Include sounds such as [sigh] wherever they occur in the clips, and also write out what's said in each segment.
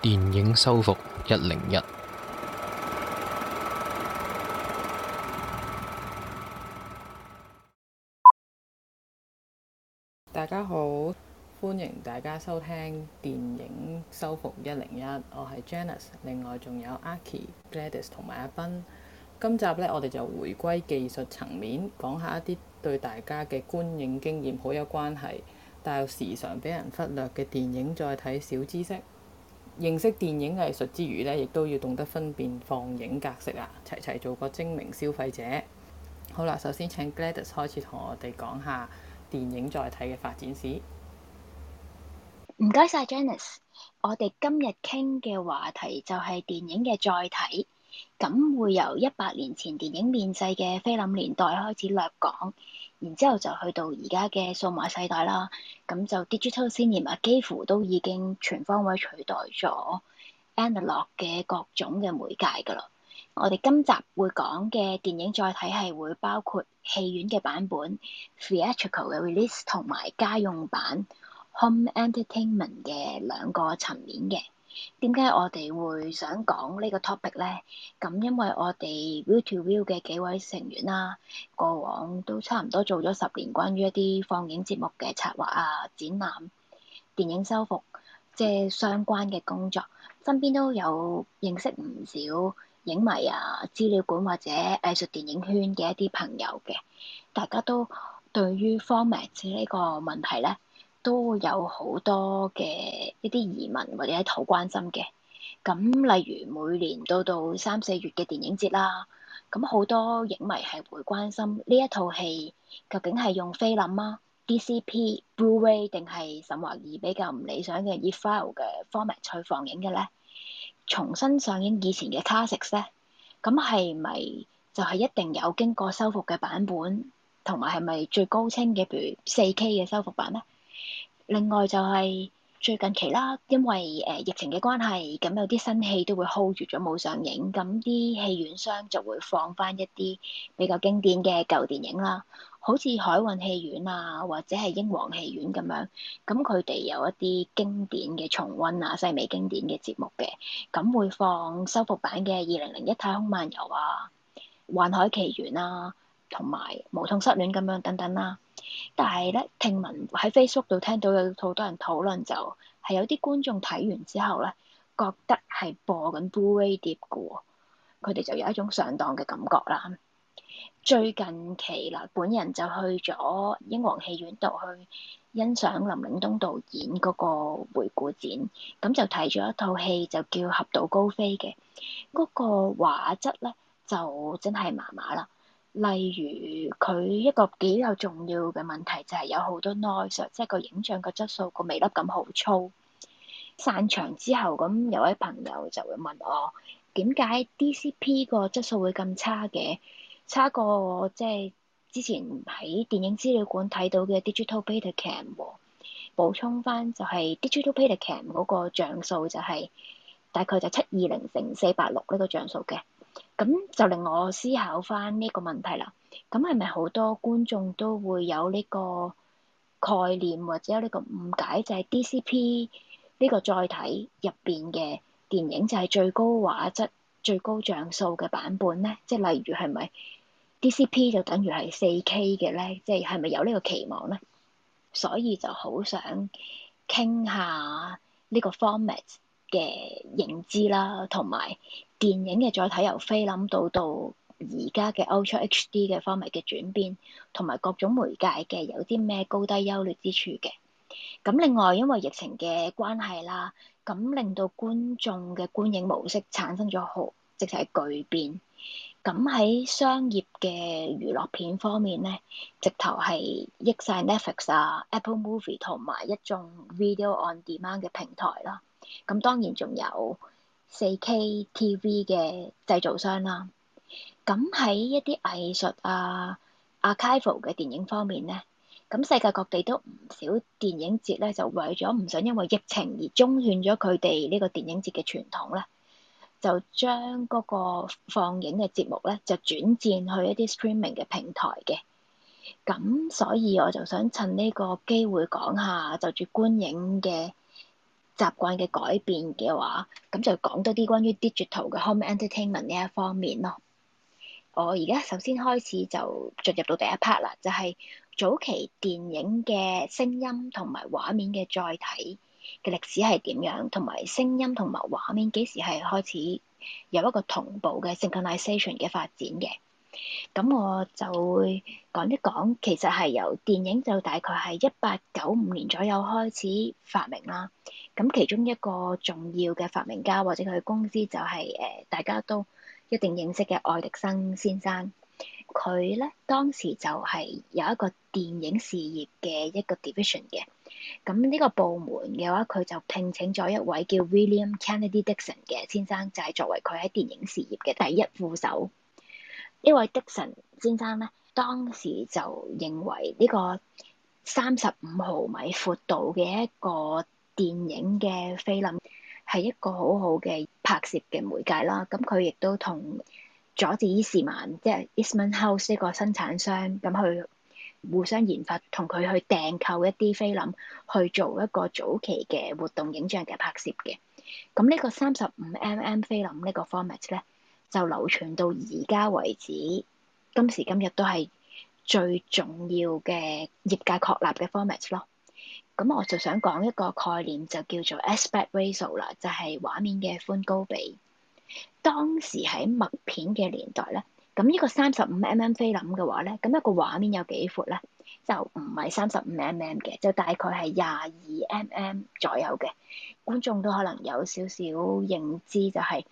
電影修復一零一，大家好，歡迎大家收聽電影修復一零一。我係 Janice，另外仲有 Aki、Gladys 同埋阿斌。今集呢，我哋就回歸技術層面，講下一啲對大家嘅觀影經驗好有關係，但係時常俾人忽略嘅電影再睇小知識。認識電影藝術之餘咧，亦都要懂得分辨放映格式啊！齊齊做個精明消費者。好啦，首先請 Gladys 開始同我哋講下電影載體嘅發展史。唔該晒 Janice，我哋今日傾嘅話題就係電影嘅載體，咁會由一百年前電影面世嘅菲林年代開始略講。然之後就去到而家嘅數碼世代啦，咁就 digital cinema 幾乎都已經全方位取代咗 analog 嘅各種嘅媒介㗎啦。我哋今集會講嘅電影載體係會包括戲院嘅版本 [noise] （theatrical 嘅 release） 同埋家用版 （home entertainment） 嘅兩個層面嘅。點解我哋會想講呢個 topic 呢？咁因為我哋 View to View 嘅幾位成員啦、啊，過往都差唔多做咗十年關於一啲放映節目嘅策劃啊、展覽、電影修復，即係相關嘅工作。身邊都有認識唔少影迷啊、資料館或者藝術電影圈嘅一啲朋友嘅，大家都對於 Format 呢個問題呢，都有好多嘅一啲疑問或者一套關心嘅咁，例如每年到到三四月嘅電影節啦，咁好多影迷係會關心呢一套戲究竟係用菲林啊、DCP、Blu-ray e 定係沈華爾比較唔理想嘅 e-file 嘅 format 去放映嘅咧？重新上映以前嘅 classics 咧，咁係咪就係一定有經過修復嘅版本，同埋係咪最高清嘅，譬如四 K 嘅修復版咧？另外就係最近期啦，因為誒、呃、疫情嘅關係，咁有啲新戲都會 hold 住咗冇上映，咁啲戲院商就會放返一啲比較經典嘅舊電影啦，好似海運戲院啊，或者係英皇戲院咁樣，咁佢哋有一啲經典嘅重溫啊，西美經典嘅節目嘅，咁會放修復版嘅二零零一太空漫遊啊，環海奇緣啊，同埋無痛失戀咁樣等等啦、啊。但係咧，聽聞喺 Facebook 度聽到有好多人討論就，就係有啲觀眾睇完之後咧，覺得係播緊 Blu-ray 碟嘅喎，佢哋就有一種上當嘅感覺啦。最近期啦，本人就去咗英皇戲院度去欣賞林嶺東導演嗰個回顧展，咁就睇咗一套戲就叫《俠盜高飛》嘅，嗰、那個畫質咧就真係麻麻啦。例如佢一個幾有重要嘅問題就係有好多 noise，即係個影像個質素個微粒感好粗。散場之後，咁有位朋友就會問我，點解 DCP 個質素會咁差嘅？差過我即係、就是、之前喺電影資料館睇到嘅 Digital Betacam 喎、哦。補充翻就係 Digital Betacam 嗰個像素就係大概就七二零乘四八六呢個像素嘅。咁就令我思考返呢個問題啦，咁係咪好多觀眾都會有呢個概念或者有呢個誤解，就係、是、DCP 呢個載體入邊嘅電影就係最高畫質、最高像素嘅版本咧？即、就、係、是、例如係咪 DCP 就等於係四 K 嘅咧？即係係咪有呢個期望咧？所以就好想傾下呢個 format 嘅認知啦，同埋。電影嘅載體由菲林到到而家嘅 Ultra HD 嘅方面嘅轉變，同埋各種媒介嘅有啲咩高低優劣之處嘅。咁另外因為疫情嘅關係啦，咁令到觀眾嘅觀影模式產生咗好，即係巨變。咁喺商業嘅娛樂片方面咧，直頭係益晒 Netflix 啊、Apple Movie 同埋一眾 Video On Demand 嘅平台啦。咁當然仲有。4K TV 嘅製造商啦，咁喺一啲藝術啊、Archival 嘅電影方面咧，咁世界各地都唔少電影節咧，就為咗唔想因為疫情而中斷咗佢哋呢個電影節嘅傳統咧，就將嗰個放映嘅節目咧，就轉戰去一啲 streaming 嘅平台嘅。咁所以我就想趁呢個機會講下就住觀影嘅。習慣嘅改變嘅話，咁就講多啲關於 digital 嘅 home entertainment 呢一方面咯。我而家首先開始就進入到第一 part 啦，就係早期電影嘅聲音同埋畫面嘅載體嘅歷史係點樣，同埋聲音同埋畫面幾時係開始有一個同步嘅 synchronization 嘅發展嘅。咁我就會講一講，其實係由電影就大概係一八九五年左右開始發明啦。咁其中一個重要嘅發明家或者佢公司就係、是、誒大家都一定認識嘅愛迪生先生。佢咧當時就係有一個電影事業嘅一個 division 嘅。咁呢個部門嘅話，佢就聘請咗一位叫 William Kennedy Dixon 嘅先生，就係、是、作為佢喺電影事業嘅第一副手。呢位 Dixon 先生咧，當時就認為呢個三十五毫米闊度嘅一個電影嘅菲林係一個好好嘅拍攝嘅媒介啦。咁佢亦都同佐治伊士曼即係 Eastman House 呢個生產商咁、嗯、去互相研發，同佢去訂購一啲菲林去做一個早期嘅活動影像嘅拍攝嘅。咁、嗯這個 mm、呢個三十五 mm 菲林呢個 format 咧？就流傳到而家為止，今時今日都係最重要嘅業界確立嘅 format 咯。咁、嗯、我就想講一個概念，就叫做 aspect ratio 啦，就係畫面嘅寬高比。當時喺默片嘅年代咧，咁、嗯、呢、呢個三十五 mm 菲林嘅話咧，咁、嗯、一個畫面有幾闊咧？就唔係三十五 mm 嘅，就大概係廿二 mm 左右嘅。觀眾都可能有少少認知、就是，就係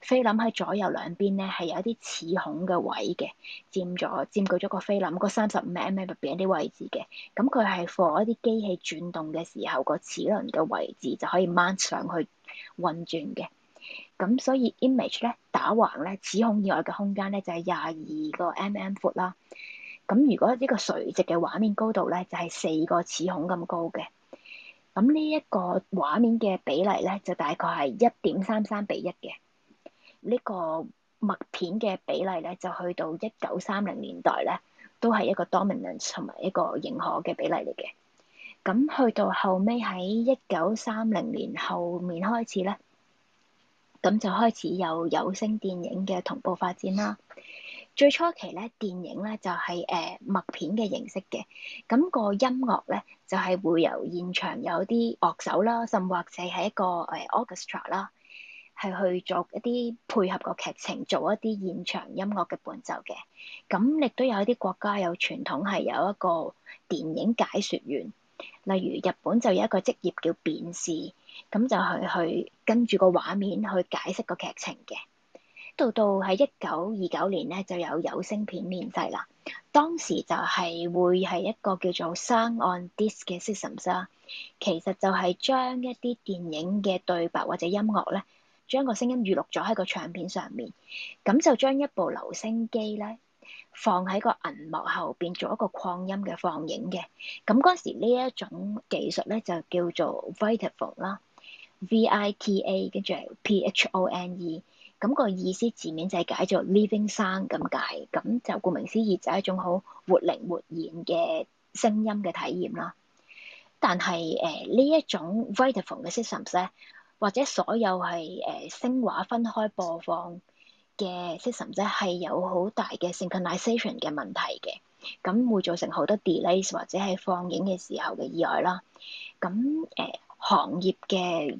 菲林喺左右兩邊咧，係有一啲齒孔嘅位嘅，佔咗佔據咗個菲林嗰三十五 mm 入邊一啲位置嘅。咁佢係放一啲機器轉動嘅時候，個齒輪嘅位置就可以掹上去運轉嘅。咁所以 image 咧打橫咧，齒孔以外嘅空間咧就係廿二個 mm 闊啦。咁如果呢個垂直嘅畫面高度咧，就係、是、四個齒孔咁高嘅。咁呢一個畫面嘅比例咧，就大概係一點三三比一嘅。呢、這個麥片嘅比例咧，就去到一九三零年代咧，都係一個 dominance 同埋一個認可嘅比例嚟嘅。咁去到後尾喺一九三零年後面開始咧，咁就開始有有聲電影嘅同步發展啦。最初期咧，電影咧就係誒默片嘅形式嘅，咁、那個音樂咧就係、是、會由現場有啲樂手啦，甚或者係一個誒、呃、orchestra 啦，係去做一啲配合個劇情，做一啲現場音樂嘅伴奏嘅。咁亦都有一啲國家有傳統係有一個電影解説員，例如日本就有一個職業叫辯士，咁就係去，去跟住個畫面去解釋個劇情嘅。到到喺一九二九年咧，就有有聲片面世啦。當時就係會係一個叫做 Sound on Disc 嘅 systems 啦。其實就係將一啲電影嘅對白或者音樂咧，將個聲音預錄咗喺個唱片上面。咁就將一部留聲機咧，放喺個銀幕後邊做一個擴音嘅放映嘅。咁嗰時呢一種技術咧就叫做 Vitaphone 啦，V-I-T-A 跟住係 P-H-O-N-E。I T A, 咁個意思字面就係解作 living sound 咁解，咁就顧名思義就係一種好活靈活現嘅聲音嘅體驗啦。但係誒呢一種 Vitaphone 嘅 system 咧，或者所有係誒聲畫分開播放嘅 system 咧，係有好大嘅 synchronization 嘅問題嘅，咁會造成好多 delays 或者係放映嘅時候嘅意外啦。咁誒、呃、行業嘅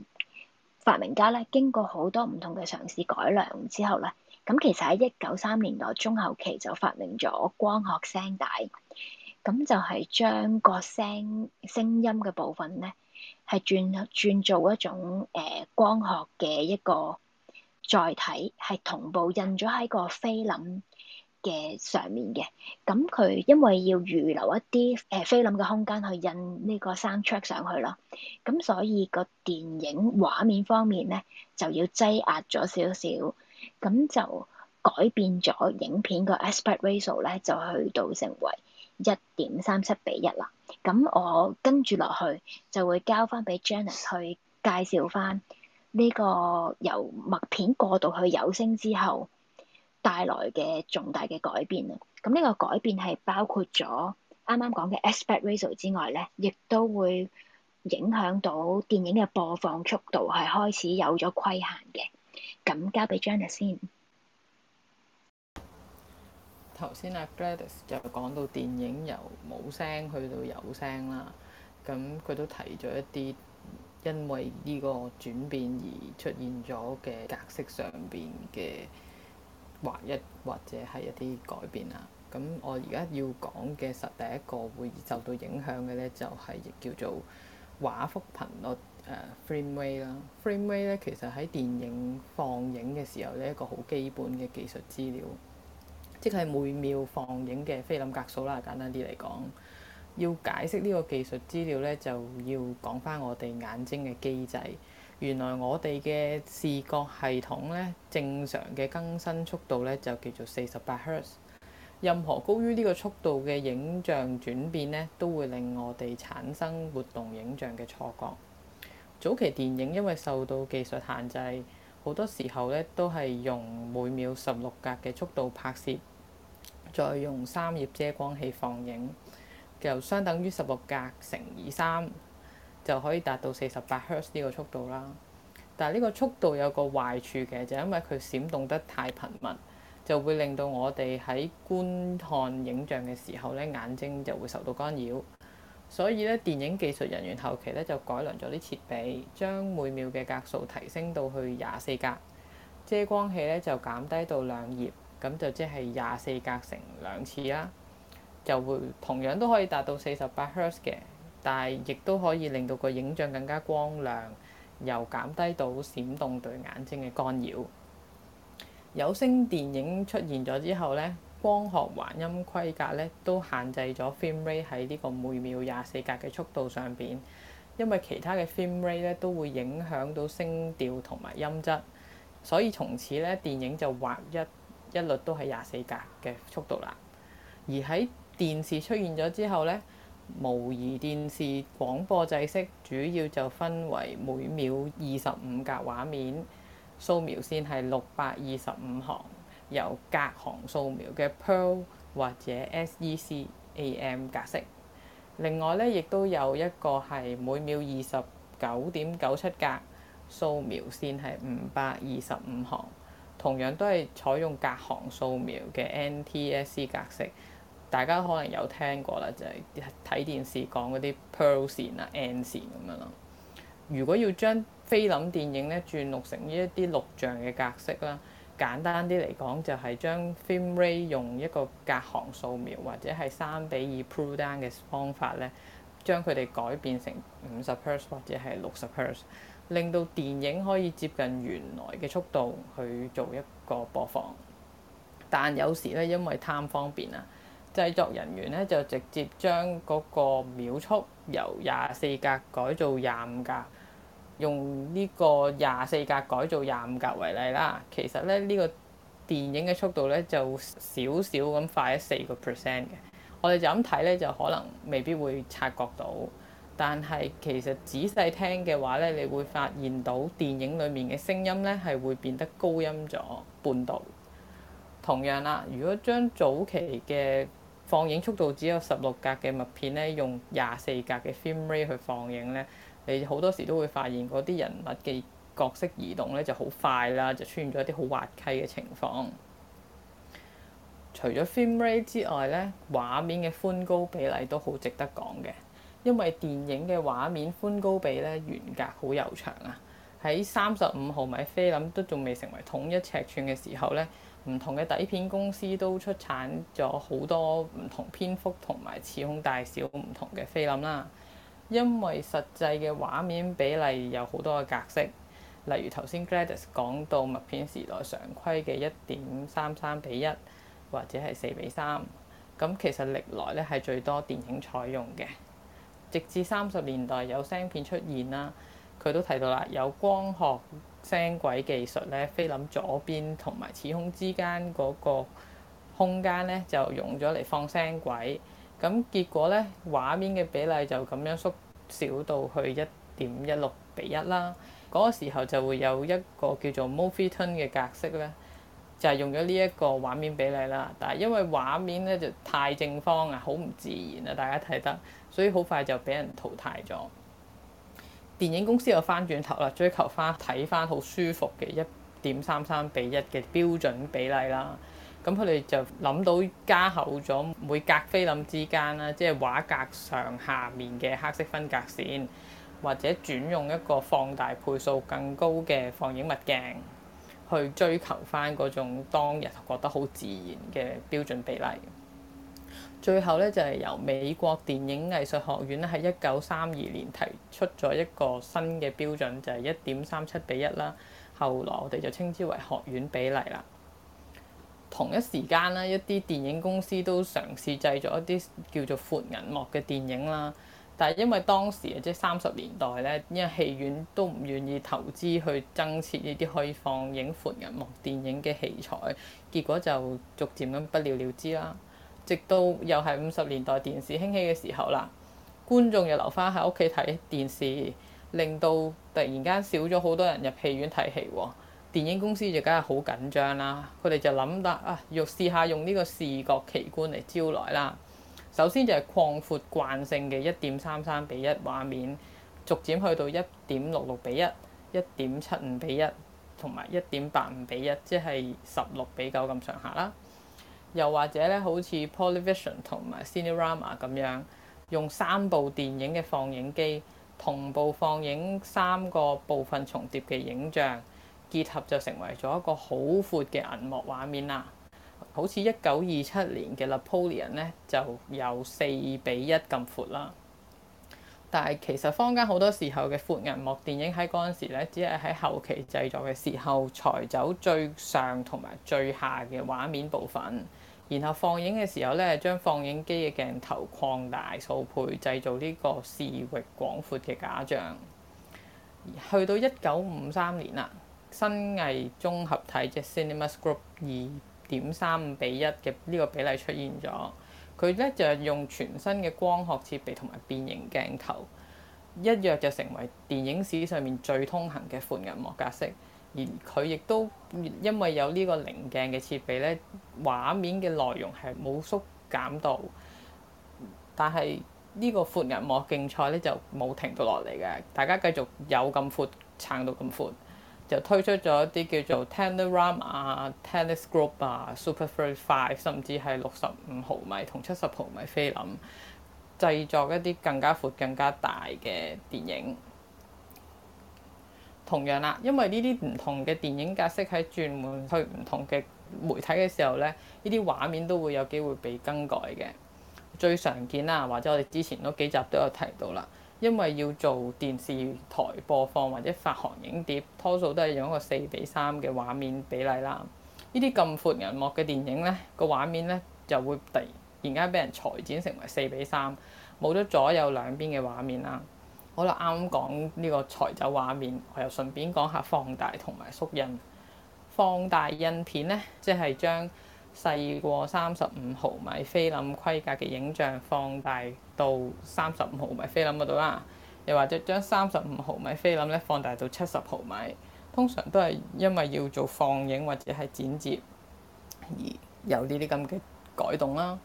發明家咧，經過好多唔同嘅嘗試改良之後咧，咁其實喺一九三年代中後期就發明咗光學聲帶，咁就係將個聲聲音嘅部分咧，係轉轉做一種誒、呃、光學嘅一個載體，係同步印咗喺個菲林嘅上面嘅，咁佢因為要預留一啲誒菲林嘅空間去印呢個 soundtrack 上去咯，咁所以個電影畫面方面咧就要擠壓咗少少，咁就改變咗影片個 aspect ratio 咧就去到成為一點三七比一啦。咁我跟住落去就會交翻俾 Janice 去介紹翻呢個由默片過渡去有聲之後。帶來嘅重大嘅改變啊！咁呢個改變係包括咗啱啱講嘅 aspect ratio 之外咧，亦都會影響到電影嘅播放速度係開始有咗規限嘅。咁交俾 Jenna 先。頭先阿 Gladys 就講到電影由冇聲去到有聲啦。咁佢都提咗一啲，因為呢個轉變而出現咗嘅格式上邊嘅。或一或者係一啲改變啊！咁我而家要講嘅實第一個會受到影響嘅呢，就係亦叫做畫幅頻率誒、啊、frame rate 啦。frame rate 呢，其實喺電影放映嘅時候呢，一個好基本嘅技術資料，即係每秒放映嘅菲林格數啦。簡單啲嚟講，要解釋呢個技術資料呢，就要講翻我哋眼睛嘅機制。原來我哋嘅視覺系統咧，正常嘅更新速度咧就叫做四十八赫茲。任何高於呢個速度嘅影像轉變咧，都會令我哋產生活動影像嘅錯覺。早期電影因為受到技術限制，好多時候咧都係用每秒十六格嘅速度拍攝，再用三葉遮光器放映，就相等於十六格乘以三，就可以達到四十八赫茲呢個速度啦，但係呢個速度有個壞處嘅，就係、因為佢閃動得太頻密，就會令到我哋喺觀看影像嘅時候咧，眼睛就會受到干擾。所以咧，電影技術人員後期咧就改良咗啲設備，將每秒嘅格數提升到去廿四格，遮光器咧就減低到兩頁，咁就即係廿四格乘兩次啦，就會同樣都可以達到四十八赫茲嘅。但係，亦都可以令到個影像更加光亮，又減低到閃動對眼睛嘅干擾。有聲電影出現咗之後呢，光學環音規格呢都限制咗 film rate 喺呢個每秒廿四格嘅速度上邊，因為其他嘅 film rate 呢都會影響到聲調同埋音質，所以從此呢電影就劃一一律都係廿四格嘅速度啦。而喺電視出現咗之後呢。模擬電視廣播制式主要就分為每秒二十五格畫面，掃描線係六百二十五行，由隔行掃描嘅 PAL 或者 SECAM 格式。另外咧，亦都有一個係每秒二十九點九七格，掃描線係五百二十五行，同樣都係採用隔行掃描嘅 NTSC 格式。大家可能有聽過啦，就係、是、睇電視講嗰啲 PAL 線啊、N 線咁樣咯。如果要將菲林電影咧轉錄成一啲錄像嘅格式啦，簡單啲嚟講就係、是、將 Film Ray 用一個隔行掃描或者係三比二 pull down 嘅方法咧，將佢哋改變成五十 pers 或者係六十 pers，令到電影可以接近原來嘅速度去做一個播放。但有時咧，因為貪方便啊。製作人員咧就直接將嗰個秒速由廿四格改做廿五格，用呢個廿四格改做廿五格為例啦。其實咧呢個電影嘅速度咧就少少咁快咗四個 percent 嘅。我哋就咁睇咧就可能未必會察覺到，但係其實仔細聽嘅話咧，你會發現到電影裡面嘅聲音咧係會變得高音咗半度。同樣啦，如果將早期嘅放映速度只有十六格嘅默片呢，用廿四格嘅 frame rate 去放映呢，你好多時都會發現嗰啲人物嘅角色移動呢就好快啦，就出現咗一啲好滑稽嘅情況。除咗 frame rate 之外呢，畫面嘅寬高比例都好值得講嘅，因為電影嘅畫面寬高比呢原格好悠長啊。喺三十五毫米菲林都仲未成為統一尺寸嘅時候呢。唔同嘅底片公司都出產咗好多唔同篇幅同埋齒孔大小唔同嘅菲林啦。因為實際嘅畫面比例有好多個格式，例如頭先 Gladys 講到默片時代常規嘅一點三三比一或者係四比三，咁其實歷來咧係最多電影採用嘅，直至三十年代有聲片出現啦，佢都提到啦有光學。聲軌技術咧，菲林左邊同埋齒孔之間嗰個空間咧，就用咗嚟放聲軌。咁結果咧，畫面嘅比例就咁樣縮小到去一點一六比一啦。嗰個時候就會有一個叫做 Movietone 嘅格式咧，就係用咗呢一個畫面比例啦。但係因為畫面咧就太正方啊，好唔自然啊，大家睇得，所以好快就俾人淘汰咗。電影公司又翻轉頭啦，追求翻睇翻好舒服嘅一點三三比一嘅標準比例啦。咁佢哋就諗到加厚咗每格菲林之間啦，即係畫格上下面嘅黑色分格線，或者轉用一個放大倍數更高嘅放映物鏡去追求翻嗰種當日覺得好自然嘅標準比例。最後咧就係由美國電影藝術學院咧喺一九三二年提出咗一個新嘅標準，就係一點三七比一啦。後來我哋就稱之為學院比例啦。同一時間呢一啲電影公司都嘗試製作一啲叫做闊銀幕嘅電影啦，但係因為當時即係三十年代呢，因為戲院都唔願意投資去增設呢啲可以放映闊銀幕電影嘅器材，結果就逐漸咁不了了之啦。直到又係五十年代電視興起嘅時候啦，觀眾又留返喺屋企睇電視，令到突然間少咗好多人入戲院睇戲，電影公司就梗係好緊張啦。佢哋就諗得啊，要試下用呢個視覺奇觀嚟招來啦。首先就係擴闊慣性嘅一點三三比一畫面，逐漸去到一點六六比一、一點七五比一，同埋一點八五比一，即係十六比九咁上下啦。又或者咧，好似 Polyvision 同埋 Cinerama 咁樣，用三部電影嘅放映機同步放映三個部分重疊嘅影像，結合就成為咗一個好闊嘅銀幕畫面啦。好似一九二七年嘅 Napoleon 呢，就有四比一咁闊啦。但係其實坊間好多時候嘅闊銀幕電影喺嗰陣時咧，只係喺後期製作嘅時候，裁走最上同埋最下嘅畫面部分。然後放映嘅時候咧，將放映機嘅鏡頭擴大數倍，製造呢個視域廣闊嘅假象。去到一九五三年啦，新藝綜合體即 CinemaScope 二點三五比一嘅呢個比例出現咗。佢咧就用全新嘅光學設備同埋變形鏡頭，一躍就成為電影史上面最通行嘅闊銀幕格式。而佢亦都因為有呢個零鏡嘅設備咧，畫面嘅內容係冇縮減到，但係呢個闊銀幕競賽咧就冇停到落嚟嘅。大家繼續有咁闊撐到咁闊，就推出咗一啲叫做 Technirama 啊、Techniscope 啊、Super 35甚至係六十五毫米同七十毫米菲林，製作一啲更加闊更加大嘅電影。同樣啦，因為呢啲唔同嘅電影格式喺轉換去唔同嘅媒體嘅時候咧，呢啲畫面都會有機會被更改嘅。最常見啦，或者我哋之前嗰幾集都有提到啦，因為要做電視台播放或者發行影碟，多數都係用一個四比三嘅畫面比例啦。呢啲咁闊銀幕嘅電影呢，個畫面呢就會突然間俾人裁剪成為四比三，冇咗左右兩邊嘅畫面啦。好啦，啱講呢個裁走畫面，我又順便講下放大同埋縮印。放大印片呢，即係將細過三十五毫米菲林規格嘅影像放大到三十五毫米菲林嗰度啦，又或者將三十五毫米菲林咧放大到七十毫米。通常都係因為要做放映或者係剪接而有呢啲咁嘅改動啦。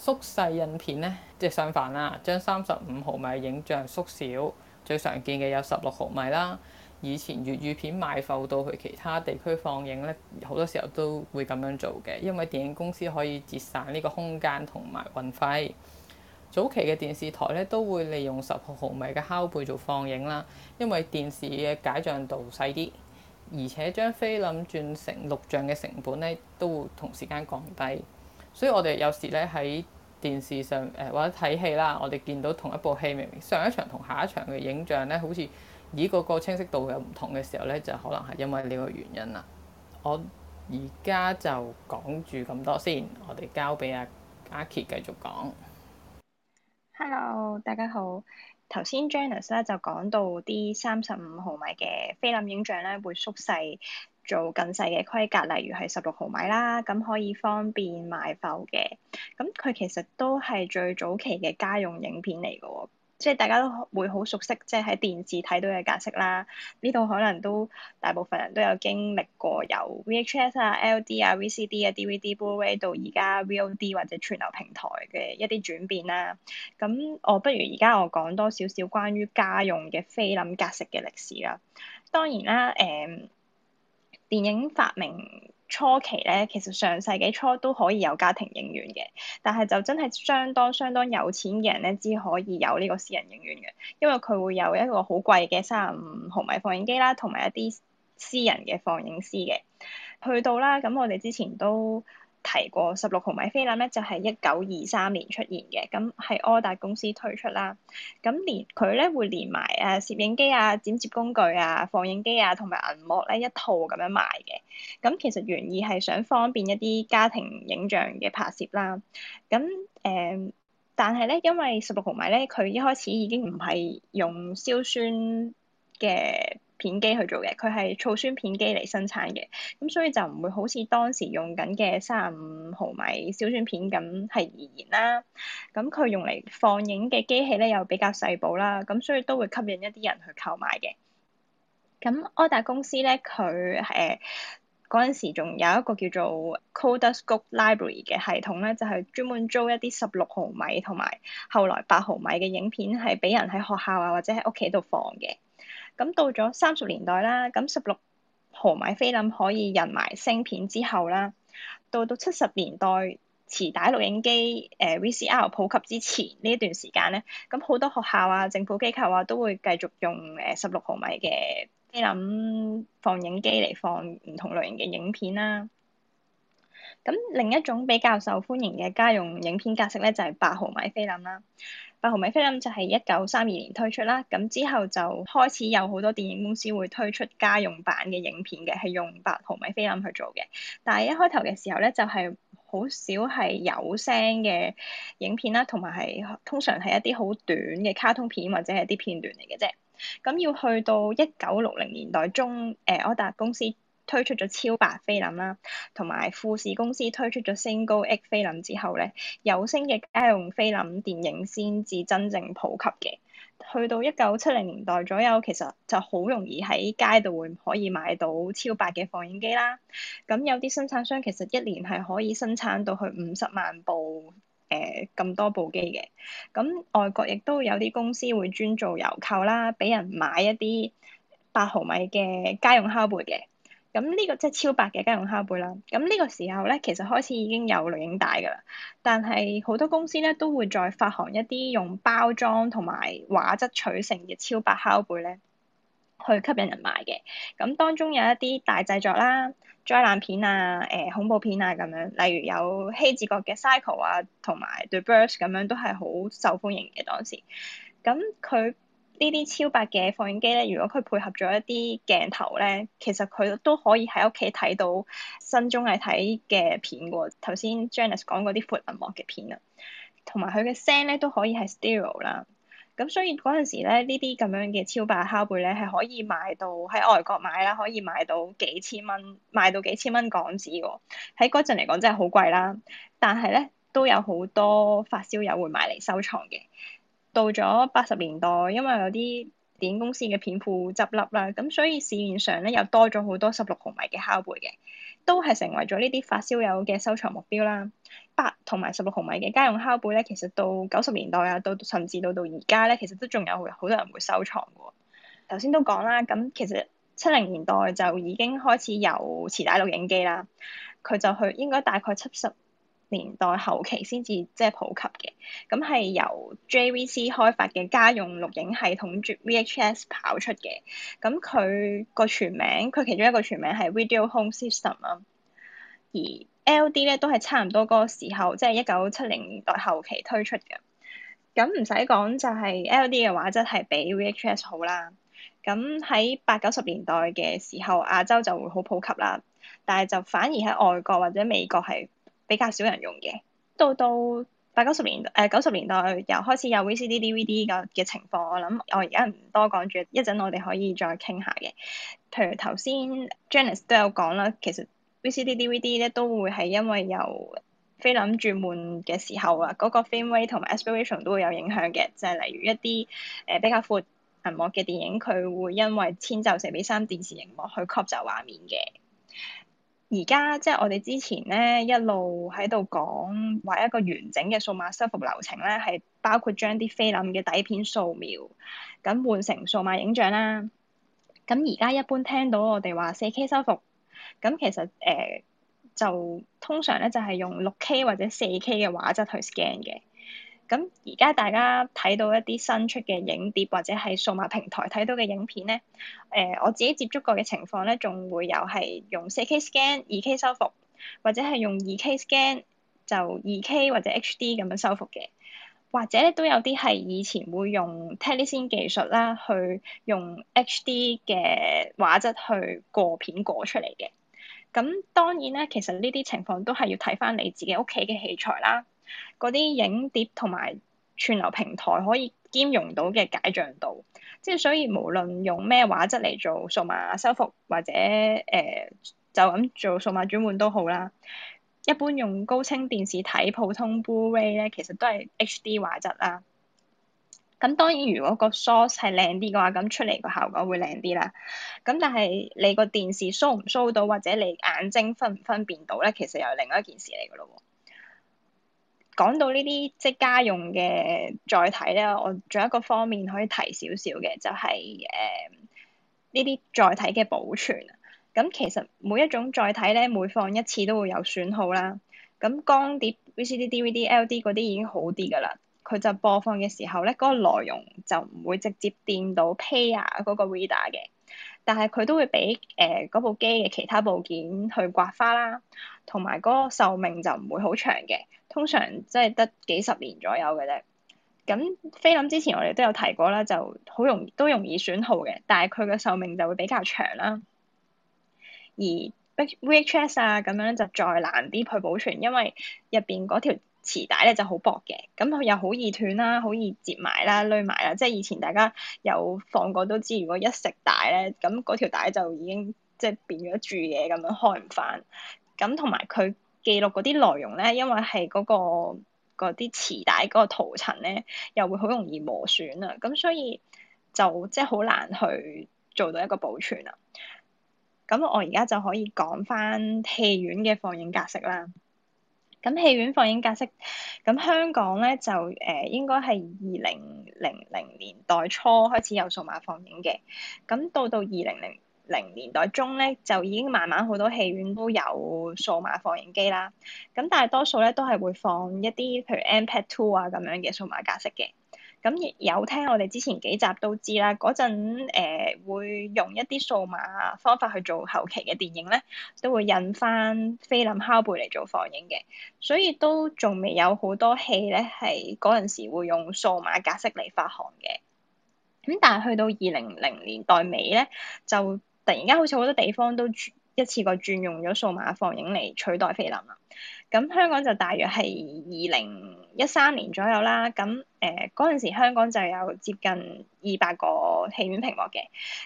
縮細印片呢，即係相反啦，將三十五毫米影像縮小，最常見嘅有十六毫米啦。以前粵語片賣埠到去其他地區放映呢，好多時候都會咁樣做嘅，因為電影公司可以節省呢個空間同埋運費。早期嘅電視台呢，都會利用十毫米嘅拷貝做放映啦，因為電視嘅解像度細啲，而且將菲林轉成錄像嘅成本呢，都會同時間降低。所以我哋有時咧喺電視上誒、呃、或者睇戲啦，我哋見到同一部戲明明上一場同下一場嘅影像咧，好似咦嗰個清晰度有唔同嘅時候咧，就可能係因為呢個原因啦。我而家就講住咁多先，我哋交俾阿阿 K 繼續講。Hello，大家好。頭先 Janice 咧就講到啲三十五毫米嘅菲林影像咧會縮細。做更細嘅規格，例如係十六毫米啦，咁可以方便買賣嘅。咁佢其實都係最早期嘅家用影片嚟嘅喎，即係大家都會好熟悉，即係喺電視睇到嘅格式啦。呢度可能都大部分人都有經歷過由 VHS 啊、L.D 啊、V.C.D 啊、D.V.D. Blu-ray 到而家 V.O.D. 或者串流平台嘅一啲轉變啦。咁我不如而家我講多少少關於家用嘅菲林格式嘅歷史啦。當然啦，誒、嗯。電影發明初期咧，其實上世紀初都可以有家庭影院嘅，但係就真係相當相當有錢嘅人咧，只可以有呢個私人影院嘅，因為佢會有一個好貴嘅三十五毫米放映機啦，同埋一啲私人嘅放映師嘅，去到啦，咁我哋之前都。提過十六毫米菲林咧，就係一九二三年出現嘅，咁係柯達公司推出啦。咁連佢咧會連埋誒、啊、攝影機啊、剪接工具啊、放映機啊同埋銀幕咧一套咁樣賣嘅。咁其實原意係想方便一啲家庭影像嘅拍攝啦。咁誒、呃，但係咧因為十六毫米咧，佢一開始已經唔係用硝酸嘅片機去做嘅，佢係醋酸片機嚟生產嘅，咁所以就唔會好似當時用緊嘅三十五毫米硝酸片咁係易燃啦。咁佢用嚟放映嘅機器咧又比較細部啦，咁所以都會吸引一啲人去購買嘅。咁柯達公司咧佢誒嗰陣時仲有一個叫做 Kodascope Library 嘅系統咧，就係、是、專門租一啲十六毫米同埋後來八毫米嘅影片，係俾人喺學校啊或者喺屋企度放嘅。咁到咗三十年代啦，咁十六毫米菲林可以印埋聲片之後啦，到到七十年代磁帶錄影機誒、呃、VCR 普及之前呢一段時間呢，咁好多學校啊、政府機構啊都會繼續用誒十六毫米嘅菲林放映機嚟放唔同類型嘅影片啦。咁另一種比較受歡迎嘅家用影片格式咧，就係、是、八毫米菲林啦。八毫米菲林就係一九三二年推出啦，咁之後就開始有好多電影公司會推出家用版嘅影片嘅，係用八毫米菲林去做嘅。但係一開頭嘅時候咧，就係、是、好少係有聲嘅影片啦，同埋係通常係一啲好短嘅卡通片或者係啲片段嚟嘅啫。咁要去到一九六零年代中，誒、呃、柯達公司，推出咗超白菲林啦，同埋富士公司推出咗 Single-8 菲林之後，咧，有聲嘅家用菲林電影先至真正普及嘅。去到一九七零年代左右，其實就好容易喺街度會可以買到超白嘅放映機啦。咁有啲生產商其實一年係可以生產到去五十萬部誒、呃、咁多部機嘅。咁外國亦都有啲公司會專做郵購啦，俾人買一啲八毫米嘅家用拷貝嘅。咁呢個即係超白嘅家用拷貝啦。咁呢個時候咧，其實開始已經有錄影帶㗎啦。但係好多公司咧都會再發行一啲用包裝同埋畫質取勝嘅超白拷貝咧，去吸引人買嘅。咁當中有一啲大製作啦、災難片啊、誒、呃、恐怖片啊咁樣，例如有希治閣嘅 Psycho 啊，同埋 The Birds 咁樣都係好受歡迎嘅當時。咁佢。呢啲超白嘅放映機咧，如果佢配合咗一啲鏡頭咧，其實佢都可以喺屋企睇到新中藝睇嘅片喎、哦。頭先 Janice 講嗰啲闊銀幕嘅片啊，同埋佢嘅聲咧都可以係 stereo 啦。咁所以嗰陣時咧，呢啲咁樣嘅超白拷貝咧，係可以買到喺外國買啦，可以買到幾千蚊，買到幾千蚊港紙喎、哦。喺嗰陣嚟講真係好貴啦，但係咧都有好多發燒友會買嚟收藏嘅。到咗八十年代，因為有啲電影公司嘅片庫執笠啦，咁所以市面上咧又多咗好多十六毫米嘅拷貝嘅，都係成為咗呢啲發燒友嘅收藏目標啦。八同埋十六毫米嘅家用拷貝咧，其實到九十年代啊，到甚至到到而家咧，其實都仲有好多人會收藏嘅。頭先都講啦，咁其實七零年代就已經開始有磁帶錄影機啦，佢就去應該大概七十。年代後期先至即係普及嘅，咁係由 JVC 開發嘅家用錄影系統 VHS 跑出嘅，咁佢個全名佢其中一個全名係 Video Home System 啊。而 LD 咧都係差唔多嗰個時候，即係一九七零年代後期推出嘅。咁唔使講就係 LD 嘅畫質係比 VHS 好啦，啊。咁喺八九十年代嘅時候，亞洲就會好普及啦，但係就反而喺外國或者美國係比較少人用嘅，到到八九十年代，誒九十年代又開始有 VCD、DVD 咁嘅情況。我諗我而家唔多講住，一陣我哋可以再傾下嘅。譬如頭先 Janice 都有講啦，其實 VCD、DVD 咧都會係因為由菲林轉換嘅時候啊，嗰個 frame rate 同埋 aspect ratio 都會有影響嘅，就係例如一啲誒比較闊銀幕嘅電影，佢會因為遷就四比三電視熒幕去 capture 畫面嘅。而家即係我哋之前咧一路喺度講話一個完整嘅數碼修復流程咧，係包括將啲菲林嘅底片掃描，咁換成數碼影像啦。咁而家一般聽到我哋話四 K 修復，咁其實誒、呃、就通常咧就係用六 K 或者四 K 嘅畫質去 scan 嘅。咁而家大家睇到一啲新出嘅影碟，或者係數碼平台睇到嘅影片咧，誒、呃、我自己接觸過嘅情況咧，仲會有係用 4K scan、2K 修復，或者係用 2K scan 就 2K 或者 HD 咁樣修復嘅，或者都有啲係以前會用 Telecine 技術啦，去用 HD 嘅畫質去過片過出嚟嘅。咁當然咧，其實呢啲情況都係要睇翻你自己屋企嘅器材啦。嗰啲影碟同埋串流平台可以兼容到嘅解像度，即係所以無論用咩畫質嚟做數碼修復或者誒、呃，就咁做數碼轉換都好啦。一般用高清電視睇普通 Blu-ray 咧，其實都係 HD 畫質啦。咁當然，如果個 source 係靚啲嘅話，咁出嚟個效果會靚啲啦。咁但係你個電視 show 唔 show 到，或者你眼睛分唔分辨到咧，其實又係另外一件事嚟嘅咯喎。講到呢啲即係家用嘅載體咧，我仲有一個方面可以提少少嘅，就係誒呢啲載體嘅保存。咁其實每一種載體咧，每放一次都會有損耗啦。咁光碟、VCD、DVD、LD 嗰啲已經好啲㗎啦，佢就播放嘅時候咧，嗰個內容就唔會直接掂到 player 嗰個 reader 嘅，但係佢都會俾誒嗰部機嘅其他部件去刮花啦，同埋嗰個壽命就唔會好長嘅。通常即係得幾十年左右嘅啫。咁菲林之前我哋都有提過啦，就好容易都容易損耗嘅，但係佢嘅壽命就會比較長啦。而 VHS 啊咁樣就再難啲去保存，因為入邊嗰條磁帶咧就好薄嘅，咁佢又好易斷啦，好易折埋啦、攣埋啦。即係以前大家有放過都知，如果一食帶咧，咁嗰條帶就已經即係變咗住嘢咁樣開唔翻。咁同埋佢。記錄嗰啲內容咧，因為係嗰、嗰個啲磁帶嗰、嗰個塗層咧，又會好容易磨損啊，咁所以就即係好難去做到一個保存啊。咁我而家就可以講翻戲院嘅放映格式啦。咁戲院放映格式，咁香港咧就誒、呃、應該係二零零零年代初開始有數碼放映嘅，咁到到二零零零年代中咧，就已經慢慢好多戲院都有數碼放映機啦。咁但係多數咧都係會放一啲譬如 MPEG-2 啊咁樣嘅數碼格式嘅。咁亦有聽我哋之前幾集都知啦，嗰陣誒會用一啲數碼方法去做後期嘅電影咧，都會印返菲林拷貝嚟做放映嘅。所以都仲未有好多戲咧係嗰陣時會用數碼格式嚟發行嘅。咁但係去到二零零年代尾咧，就突然間好似好多地方都一次過轉用咗數碼放映嚟取代菲林啦。咁香港就大約係二零一三年左右啦。咁誒嗰陣時香港就有接近二百個戲院屏幕嘅。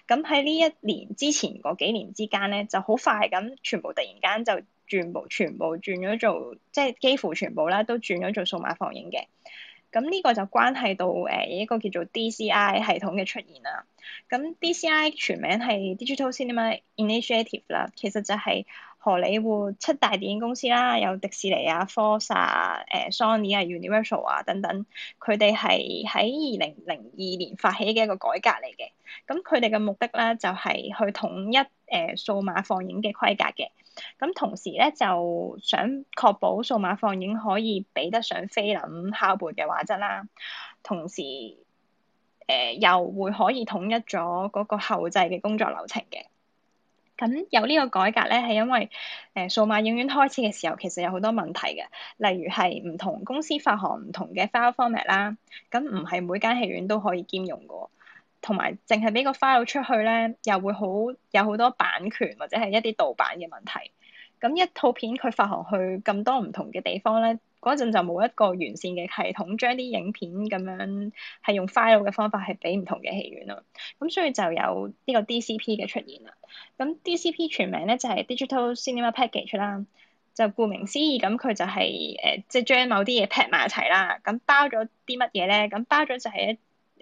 咁喺呢一年之前嗰幾年之間咧，就好快咁全部突然間就轉，全部轉咗做，即係幾乎全部啦，都轉咗做數碼放映嘅。咁呢個就關係到誒一個叫做 DCI 系統嘅出現啦。咁 DCI 全名係 Digital Cinema Initiative 啦，其實就係荷里活七大電影公司啦，有迪士尼啊、Force、啊、Fox、呃、s 啊、誒 Sony 啊、Universal 啊等等，佢哋係喺二零零二年發起嘅一個改革嚟嘅。咁佢哋嘅目的咧就係、是、去統一。誒、呃、數碼放映嘅規格嘅，咁、嗯、同時咧就想確保數碼放映可以比得上菲林拷貝嘅畫質啦，同時、呃、又會可以統一咗嗰個後製嘅工作流程嘅。咁、嗯、有呢個改革咧，係因為誒、呃、數碼影院開始嘅時候，其實有好多問題嘅，例如係唔同公司發行唔同嘅 file format 啦，咁唔係每間戲院都可以兼容嘅。同埋淨係俾個 file 出去咧，又會好有好多版權或者係一啲盜版嘅問題。咁一套片佢發行去咁多唔同嘅地方咧，嗰陣就冇一個完善嘅系統，將啲影片咁樣係用 file 嘅方法係俾唔同嘅戲院咯。咁所以就有呢個 DCP 嘅出現啦。咁 DCP 全名咧就係、是、Digital Cinema Package 啦。就顧名思義，咁佢就係、是、誒、呃、即係將某啲嘢 pack 埋一齊啦。咁包咗啲乜嘢咧？咁包咗就係、是、一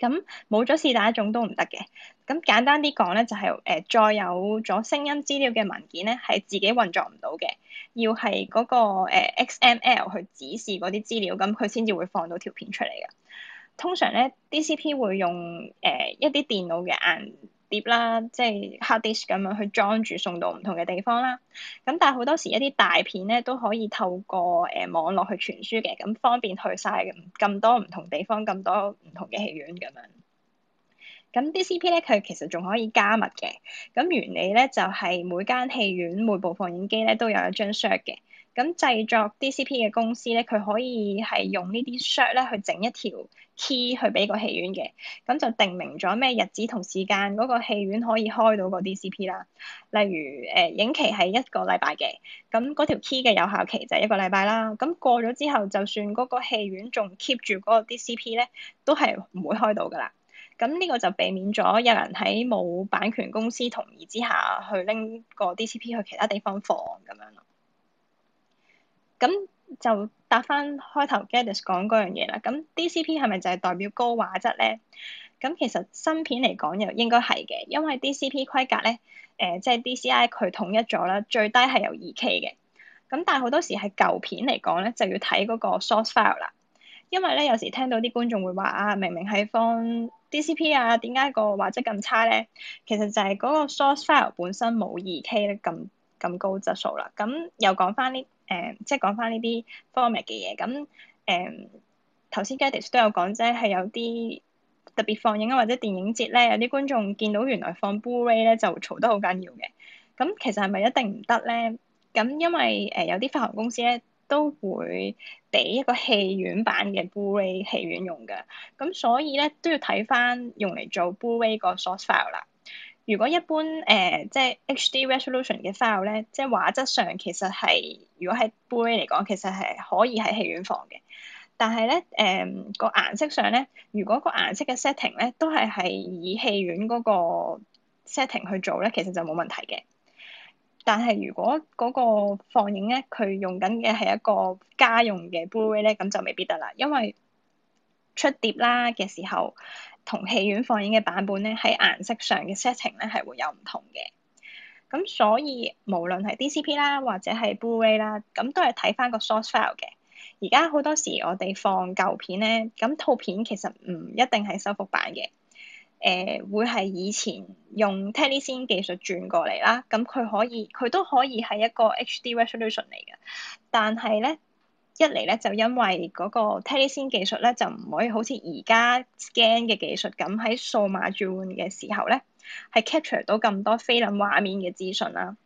咁冇咗試打種都唔得嘅，咁簡單啲講咧，就係、是、誒、呃、再有咗聲音資料嘅文件咧，係自己運作唔到嘅，要係嗰、那個、呃、XML 去指示嗰啲資料，咁佢先至會放到條片出嚟嘅。通常咧，DCP 會用誒、呃、一啲電腦嘅硬碟啦，即係 hard disk 咁樣去裝住送到唔同嘅地方啦。咁但係好多時一啲大片咧都可以透過誒、呃、網絡去傳輸嘅，咁方便去晒咁多唔同地方、咁多唔同嘅戲院咁樣。咁 DCP 咧，佢其實仲可以加密嘅。咁原理咧就係、是、每間戲院每部放映機咧都有一張 cert 嘅。咁製作 DCP 嘅公司咧，佢可以係用呢啲 shirt 咧去整一條 key 去俾個戲院嘅，咁就定明咗咩日子同時間嗰個戲院可以開到個 DCP 啦。例如誒、呃、影期係一個禮拜嘅，咁嗰條 key 嘅有效期就係一個禮拜啦。咁過咗之後，就算嗰個戲院仲 keep 住嗰個 DCP 咧，都係唔會開到噶啦。咁呢個就避免咗有人喺冇版權公司同意之下，去拎個 DCP 去其他地方放咁樣咯。咁就答翻開頭 Gadis 講嗰樣嘢啦。咁 DCP 係咪就係代表高畫質咧？咁其實新片嚟講又應該係嘅，因為 DCP 規格咧，誒、呃、即係、就是、DCI 佢統一咗啦，最低係有二 K 嘅。咁但係好多時係舊片嚟講咧，就要睇嗰個 source file 啦。因為咧，有時聽到啲觀眾會話啊，明明係放 DCP 啊，點解個畫質咁差咧？其實就係嗰個 source file 本身冇二 K 咧，咁咁高質素啦。咁又講翻呢？誒、嗯，即係講翻呢啲 format 嘅嘢，咁誒頭、嗯、先 Gadis 都有講，即係有啲特別放映啊或者電影節咧，有啲觀眾見到原來放 Blu-ray 咧就嘈得好緊要嘅，咁其實係咪一定唔得咧？咁因為誒、呃、有啲發行公司咧都會俾一個戲院版嘅 Blu-ray 戲院用嘅，咁所以咧都要睇翻用嚟做 Blu-ray 個 source file 啦。如果一般誒、呃，即係 HD resolution 嘅 file 咧，即係畫質上其實係，如果係 Blu-ray 嚟講其實係可以喺戲院放嘅。但係咧，誒個顏色上咧，如果、呃那個顏色嘅 setting 咧，都係係以戲院嗰個 setting 去做咧，其實就冇問題嘅。但係如果嗰個放映咧，佢用緊嘅係一個家用嘅 Blu-ray 咧，咁就未必得啦，因為出碟啦嘅時候。同戲院放映嘅版本咧，喺顏色上嘅 setting 咧係會有唔同嘅，咁所以無論係 DCP 啦，或者係 Blu-ray 啦，咁都係睇翻個 source file 嘅。而家好多時我哋放舊片咧，咁套片其實唔一定係修復版嘅，誒、呃、會係以前用 telecine 技術轉過嚟啦，咁佢可以佢都可以係一個 HD resolution 嚟嘅，但係咧。一嚟咧，就因為嗰個 telecine 技術咧，就唔可以好似而家 scan 嘅技術咁，喺數碼轉換嘅時候咧，係 capture 到咁多菲林畫面嘅資訊啦。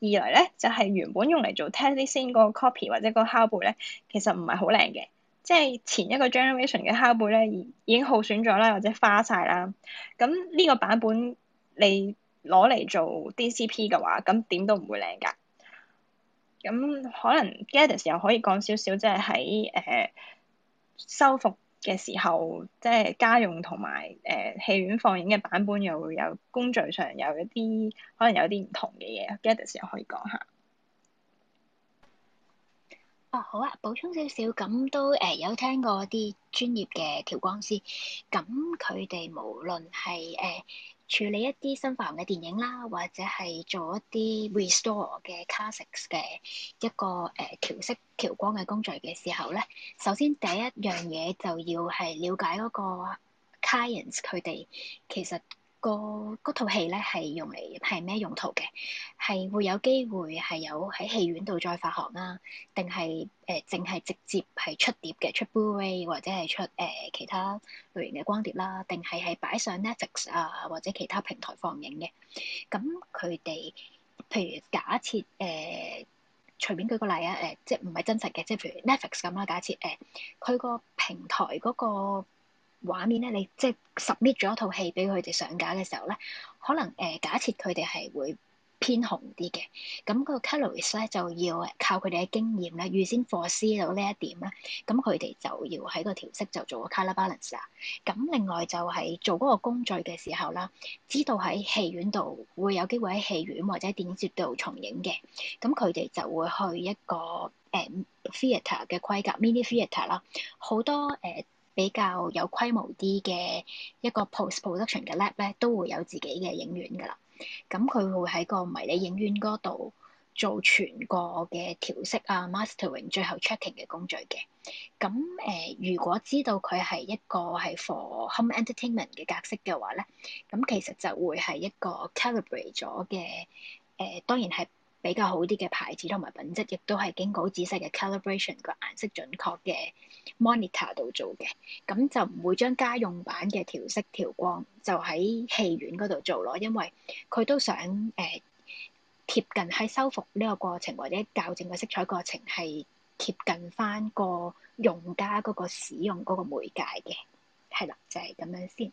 二嚟咧就係、是、原本用嚟做 telecine 嗰個 copy 或者嗰個拷貝咧，其實唔係好靚嘅，即係前一個 generation 嘅拷貝咧已已經耗損咗啦，或者花晒啦。咁呢個版本你攞嚟做 DCP 嘅話，咁點都唔會靚㗎。咁、嗯、可能 Gadis 又可以講少少，即係喺誒修復嘅時候，即係家用同埋誒戲院放映嘅版本又會有工序上有一啲可能有啲唔同嘅嘢 Gadis 又可以講下。哦，好啊，補充少少，咁都誒、呃、有聽過啲專業嘅調光師，咁佢哋無論係誒。呃處理一啲新發行嘅電影啦，或者係做一啲 restore 嘅 classics 嘅一個誒調色調光嘅工序嘅時候咧，首先第一樣嘢就要係了解嗰個 clients 佢哋其實。個套戲咧係用嚟係咩用途嘅？係會有機會係有喺戲院度再發行啊？定係誒淨係直接係出碟嘅，出 Blu-ray 或者係出誒、呃、其他類型嘅光碟啦？定係係擺上 Netflix 啊或者其他平台放映嘅？咁佢哋，譬如假設誒、呃，隨便舉個例啊，誒、呃、即係唔係真實嘅，即係譬如 Netflix 咁啦。假設誒，佢、呃、個平台嗰、嗰個。畫面咧，你即係 submit 咗一套戲俾佢哋上架嘅時候咧，可能誒、呃、假設佢哋係會偏紅啲嘅，咁、嗰個 colorist 咧就要靠佢哋嘅經驗咧，預先 foresee 到呢一點咧，咁佢哋就要喺個調色就做個 color balance 啦。咁另外就係做嗰個工序嘅時候啦，知道喺戲院度會有機會喺戲院或者電影節度重影嘅，咁佢哋就會去一個誒、呃、theater 嘅規格 mini theater 啦，好多誒。呃比較有規模啲嘅一個 post-production 嘅 lab 咧，都會有自己嘅影院噶啦。咁、嗯、佢會喺個迷你影院嗰度做全個嘅調色啊、mastering、最後 checking 嘅工序嘅。咁、嗯、誒、呃，如果知道佢係一個係 for home entertainment 嘅格式嘅話咧，咁、嗯、其實就會係一個 calibrate 咗嘅誒、呃，當然係比較好啲嘅牌子同埋品質，亦都係經過好仔細嘅 calibration 個顏色準確嘅 monitor 度做嘅，咁就唔會將家用版嘅調色調光就喺戲院度做咯，因為佢都想誒、呃、貼近喺修復呢個過程或者校正個色彩過程係貼近翻個用家個使用個媒介嘅，係啦，就係、是、咁樣先。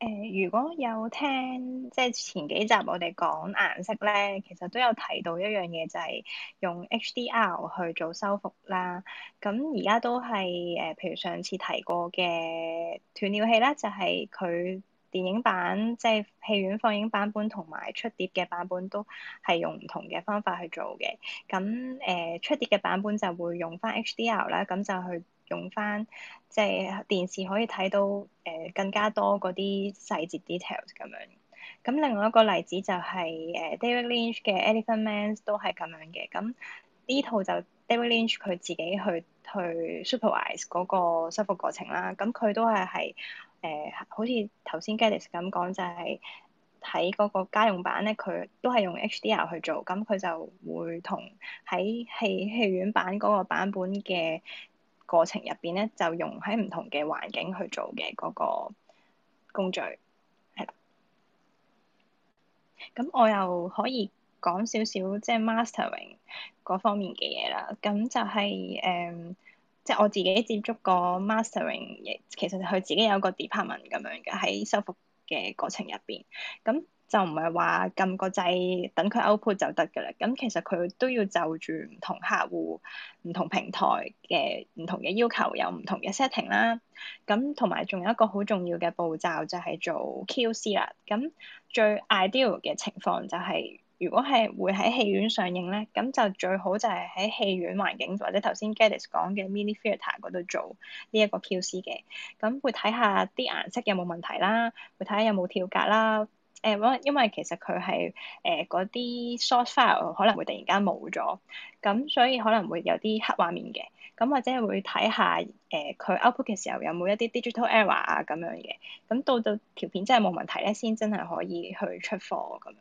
誒、呃、如果有聽即係前幾集我哋講顏色咧，其實都有提到一樣嘢，就係、是、用 HDR 去做修復啦。咁而家都係誒、呃，譬如上次提過嘅斷尿器啦，就係、是、佢電影版即係、就是、戲院放映版本同埋出碟嘅版本都係用唔同嘅方法去做嘅。咁誒、呃、出碟嘅版本就會用翻 HDR 啦，咁就去。用翻即係電視可以睇到誒、呃、更加多嗰啲細節 details 咁樣。咁另外一個例子就係、是、誒、呃、David Lynch 嘅 Elephant Man 都係咁樣嘅。咁呢套就 David Lynch 佢自己去去 supervise 嗰個修復過程啦。咁佢都係係誒，好似頭先 Gadis 咁講，就係喺嗰個家用版咧，佢都係用 HDR 去做。咁佢就會同喺戲戲院版嗰個版本嘅。過程入邊咧，就用喺唔同嘅環境去做嘅嗰個工序。係啦。咁我又可以講少少即係 mastering 嗰方面嘅嘢啦。咁就係、係、誒，即、嗯、係、就係、我自己接觸過 mastering，其實佢自己有個 department 咁樣嘅喺修復嘅過程入邊咁。就唔係話撳個掣等佢 output 就得嘅啦，咁其實佢都要就住唔同客戶、唔同平台嘅唔同嘅要求有唔同嘅 setting 啦。咁同埋仲有一個好重要嘅步驟就係做 QC 啦。咁最 ideal 嘅情況就係、是、如果係會喺戲院上映咧，咁就最好就係喺戲院環境或者頭先 Gedis 講嘅 mini theatre 嗰度做呢一個 QC 嘅。咁會睇下啲顏色有冇問題啦，會睇下有冇跳格啦。誒，因為其實佢係誒嗰啲 source file 可能會突然間冇咗，咁所以可能會有啲黑畫面嘅，咁或者會睇下誒佢 output 嘅時候有冇一啲 digital error 啊咁樣嘅，咁到到條片真係冇問題咧，先真係可以去出貨咁樣。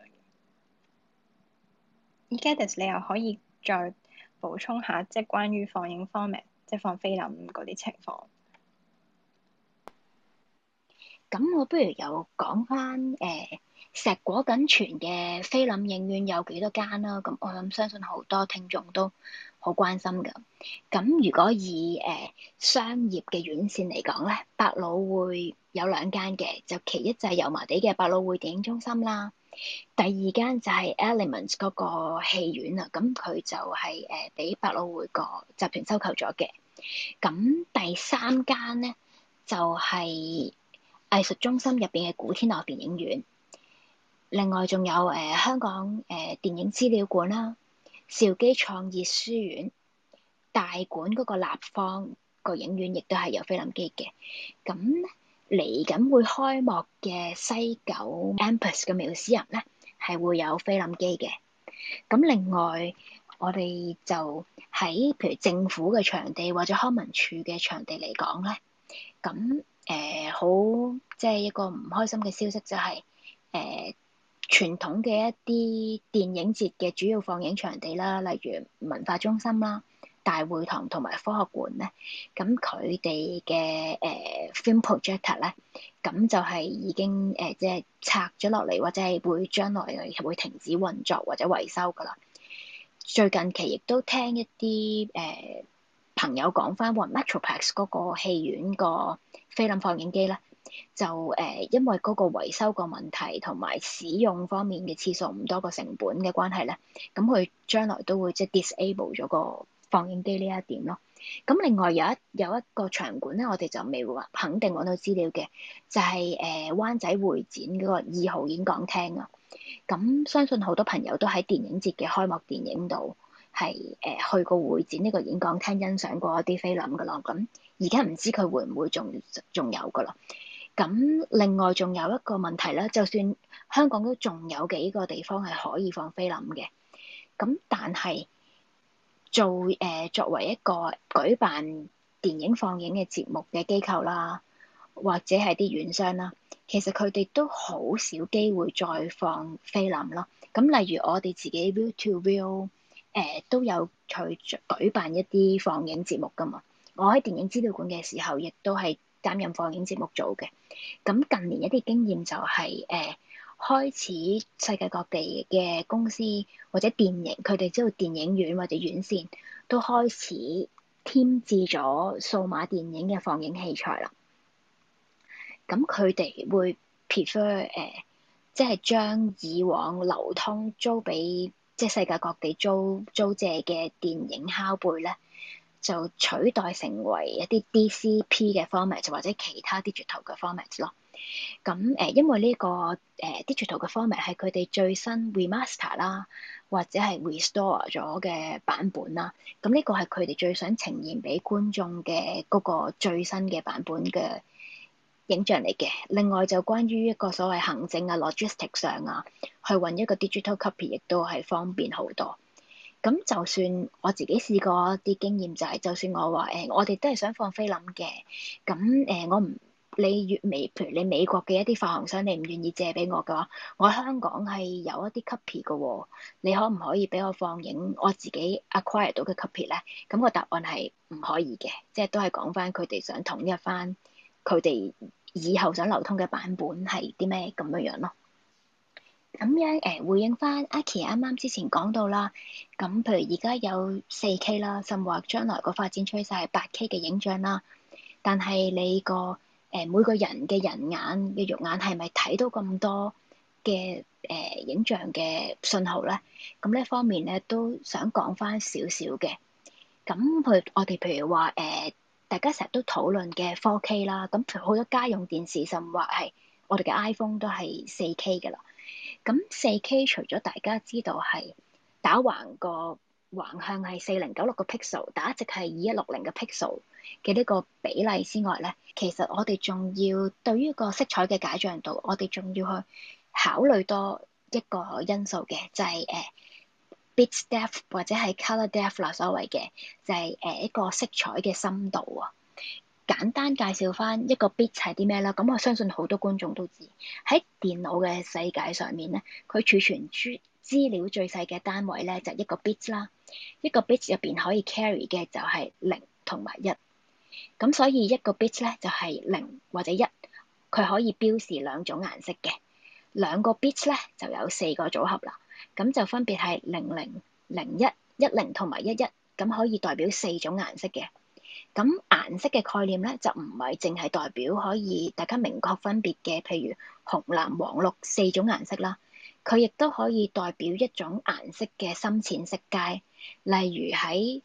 Egadus，你又可以再補充下，即係關於放映 format，即係放菲林嗰啲情況。咁我不如又講返誒，呃石果僅存嘅菲林影院有幾多間啦、啊？咁我諗相信好多聽眾都好關心㗎。咁如果以誒、呃、商業嘅院線嚟講咧，百老匯有兩間嘅，就其一就係油麻地嘅百老匯電影中心啦。第二間就係 Elements 嗰個戲院啊，咁佢就係誒俾百老匯個集團收購咗嘅。咁第三間咧，就係、是、藝術中心入邊嘅古天樂電影院。另外仲有誒、呃、香港誒、呃、電影資料館啦，兆基創意書院、大館嗰個立方個影院亦都係有菲林機嘅。咁嚟緊會開幕嘅西九 Empress 嘅 Museum 咧，係會有菲林機嘅。咁另外，我哋就喺譬如政府嘅場地或者康文署嘅場地嚟講咧，咁誒、呃、好即係、就是、一個唔開心嘅消息就係、是、誒。呃傳統嘅一啲電影節嘅主要放映場地啦，例如文化中心啦、大會堂同埋科學館咧，咁佢哋嘅誒 film projector 咧，咁就係已經誒、呃、即係拆咗落嚟，或者係會將來會停止運作或者維修噶啦。最近期亦都聽一啲誒、呃、朋友講返話 Metroplex 嗰個戲院個菲林放映機咧。就誒、呃，因為嗰個維修個問題同埋使用方面嘅次數唔多個成本嘅關係咧，咁佢將來都會即係 disable 咗個放映機呢一點咯。咁另外有一有一個場館咧，我哋就未會肯定攞到資料嘅，就係、是、誒、呃、灣仔會展嗰個二號演講廳啊。咁相信好多朋友都喺電影節嘅開幕電影度係誒去過會展呢個演講廳欣賞過一啲菲林噶咯。咁而家唔知佢會唔會仲仲有噶啦？咁另外仲有一個問題咧，就算香港都仲有幾個地方係可以放菲林嘅，咁但係做誒、呃、作為一個舉辦電影放映嘅節目嘅機構啦，或者係啲院商啦，其實佢哋都好少機會再放菲林咯。咁例如我哋自己 Will to Will 誒、呃、都有去舉辦一啲放映節目噶嘛，我喺電影資料館嘅時候亦都係。擔任放映節目組嘅，咁近年一啲經驗就係、是、誒、呃、開始世界各地嘅公司或者電影，佢哋知道電影院或者院線都開始添置咗數碼電影嘅放映器材啦。咁佢哋會 prefer 誒、呃，即、就、係、是、將以往流通租俾即係世界各地租租借嘅電影拷貝咧。就取代成為一啲 DCP 嘅 format，或者其他 digital 嘅 format 咯。咁誒、呃，因為呢個誒、呃、digital 嘅 format 係佢哋最新 remaster 啦，或者係 restore 咗嘅版本啦。咁呢個係佢哋最想呈現俾觀眾嘅嗰個最新嘅版本嘅影像嚟嘅。另外就關於一個所謂行政啊、logistic 上啊，去揾一個 digital copy 亦都係方便好多。咁就算我自己試過啲經驗就係，就算我話誒，我哋都係想放菲林嘅。咁誒，我唔你越美，譬如你美國嘅一啲發行商，你唔願意借俾我嘅話，我香港係有一啲 copy 嘅喎。你可唔可以俾我放映我自己 acquire 到嘅 copy 咧？咁個答案係唔可以嘅，即係都係講翻佢哋想統一翻佢哋以後想流通嘅版本係啲咩咁樣樣咯。咁樣誒、呃、回應翻 Aki 啱啱之前講到啦，咁譬如而家有四 K 啦，甚或話將來個發展趨勢係八 K 嘅影像啦。但係你個誒、呃、每個人嘅人眼嘅肉眼係咪睇到咁多嘅誒、呃、影像嘅信號咧？咁呢方面咧，都想講翻少少嘅。咁佢我哋譬如話誒、呃，大家成日都討論嘅 Four K 啦，咁譬如好多家用電視，甚或話係我哋嘅 iPhone 都係四 K 㗎啦。咁四 K 除咗大家知道係打橫個橫向係四零九六個 pixel，打直係二一六零個 pixel 嘅呢個比例之外咧，其實我哋仲要對於個色彩嘅解像度，我哋仲要去考慮多一個因素嘅，就係、是、誒 bit depth 或者係 color depth 啦，所謂嘅就係、是、誒一個色彩嘅深度啊。簡單介紹翻一個 bit 係啲咩啦？咁我相信好多觀眾都知喺電腦嘅世界上面咧，佢儲存資料最細嘅單位咧就一個 bit 啦。一個 bit 入邊可以 carry 嘅就係零同埋一，咁所以一個 bit 咧就係零或者一，佢可以標示兩種顏色嘅。兩個 bit 咧就有四個組合啦，咁就分別係零零、零一、一零同埋一一，咁可以代表四種顏色嘅。咁顏色嘅概念咧，就唔係淨係代表可以大家明確分別嘅，譬如紅、藍、黃、綠四種顏色啦。佢亦都可以代表一種顏色嘅深淺色階，例如喺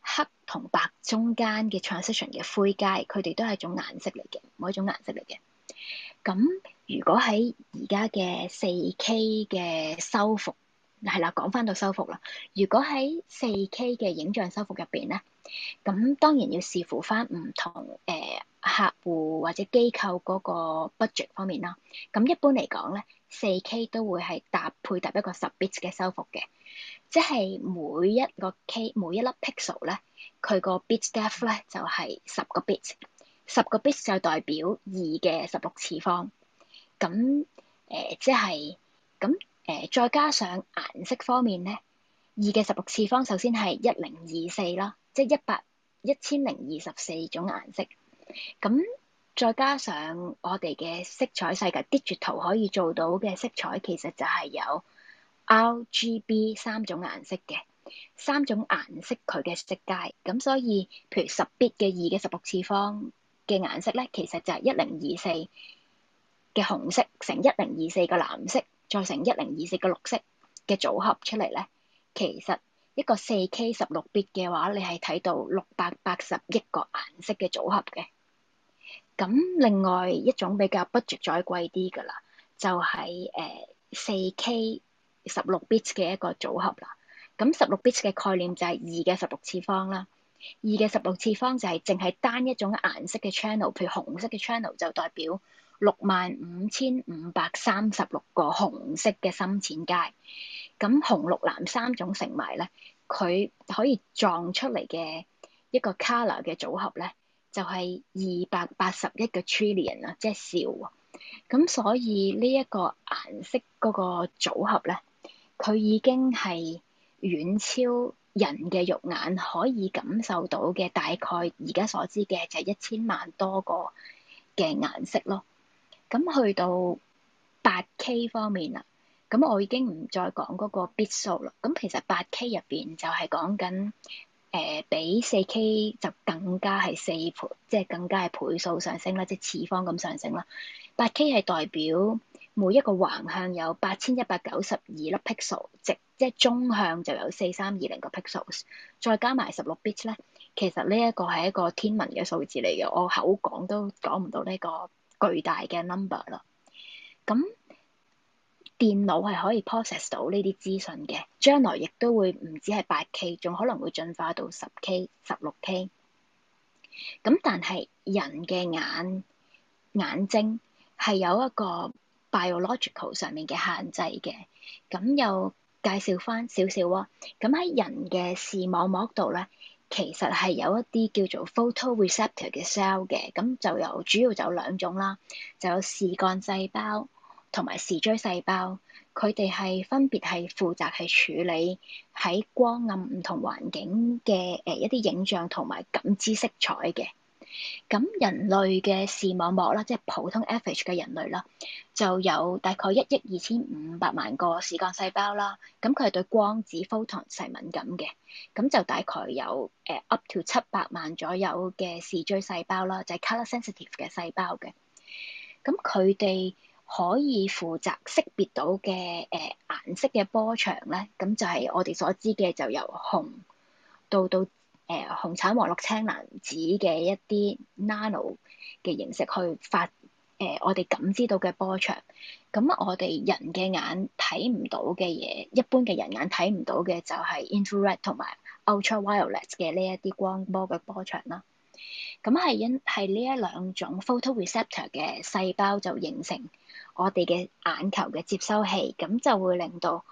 黑同白中間嘅 transition 嘅灰階，佢哋都係一種顏色嚟嘅，某一種顏色嚟嘅。咁如果喺而家嘅四 K 嘅修復，係啦，講翻到修復啦。如果喺四 K 嘅影像修復入邊咧？咁當然要視乎翻唔同誒、呃、客戶或者機構嗰個 budget 方面啦。咁一般嚟講咧，四 K 都會係搭配搭一個十 bit 嘅修復嘅，即係每一個 K 每一粒 pixel 咧，佢、就是、個 bit depth 咧就係十個 bit，十個 bit 就代表二嘅十六次方。咁誒，即係咁誒，再加上顏色方面咧，二嘅十六次方首先係一零二四啦。即一百一千零二十四種顏色，咁再加上我哋嘅色彩世界，digital 可以做到嘅色彩，其實就係有 RGB 三種顏色嘅，三種顏色佢嘅色階，咁所以譬如十 bit 嘅二嘅十六次方嘅顏色咧，其實就係一零二四嘅紅色乘一零二四個藍色，再乘一零二四個綠色嘅組合出嚟咧，其實。一個四 K 十六 bit 嘅話，你係睇到六百八十億個顏色嘅組合嘅。咁另外一種比較 budget 再貴啲㗎啦，就係誒四 K 十六 bit 嘅一個組合啦。咁十六 bit 嘅概念就係二嘅十六次方啦。二嘅十六次方就係淨係單一種顏色嘅 channel，譬如紅色嘅 channel 就代表六萬五千五百三十六個紅色嘅深淺階。咁紅、綠、藍三種成埋咧，佢可以撞出嚟嘅一個 color 嘅組合咧，就係、是、二百八十一個 trillion 啊，即係兆。咁所以呢一個顏色嗰個組合咧，佢已經係遠超人嘅肉眼可以感受到嘅大概而家所知嘅就係一千萬多個嘅顏色咯。咁去到八 K 方面啊。咁我已經唔再講嗰個 bit 數啦。咁其實八 K 入邊就係講緊，誒、呃、比四 K 就更加係四倍，即、就、係、是、更加係倍數上升啦，即係次方咁上升啦。八 K 係代表每一個橫向有八千一百九十二粒 pixels，即係縱向就有四三二零個 pixels，再加埋十六 bit 咧，其實呢一個係一個天文嘅數字嚟嘅，我口講都講唔到呢個巨大嘅 number 啦。咁電腦係可以 process 到呢啲資訊嘅，將來亦都會唔止係八 K，仲可能會進化到十 K、十六 K。咁但係人嘅眼、眼睛係有一個 biological 上面嘅限制嘅，咁又介紹翻少少喎。咁喺人嘅視網膜度咧，其實係有一啲叫做 photo receptor 嘅 cell 嘅，咁就有主要就有兩種啦，就有視杆細胞。同埋視錐細胞，佢哋係分別係負責係處理喺光暗唔同環境嘅誒一啲影像同埋感知色彩嘅。咁人類嘅視網膜啦，即係普通 average 嘅人類啦，就有大概一億二千五百萬個視覺細胞啦。咁佢係對光子 （photon） 係敏感嘅，咁就大概有誒、uh, up to 七百萬左右嘅視錐細胞啦，就係 color sensitive 嘅細胞嘅。咁佢哋。可以負責識別到嘅誒、呃、顏色嘅波長咧，咁就係我哋所知嘅，就由紅到到誒、呃、紅橙黃綠青藍紫嘅一啲 nano 嘅形式去發誒、呃、我哋感知到嘅波長。咁我哋人嘅眼睇唔到嘅嘢，一般嘅人眼睇唔到嘅就係 infrared 同埋 ultraviolet 嘅呢一啲光波嘅波長啦。咁係因係呢一兩種 photo receptor 嘅細胞就形成。我哋嘅眼球嘅接收器，咁就會令到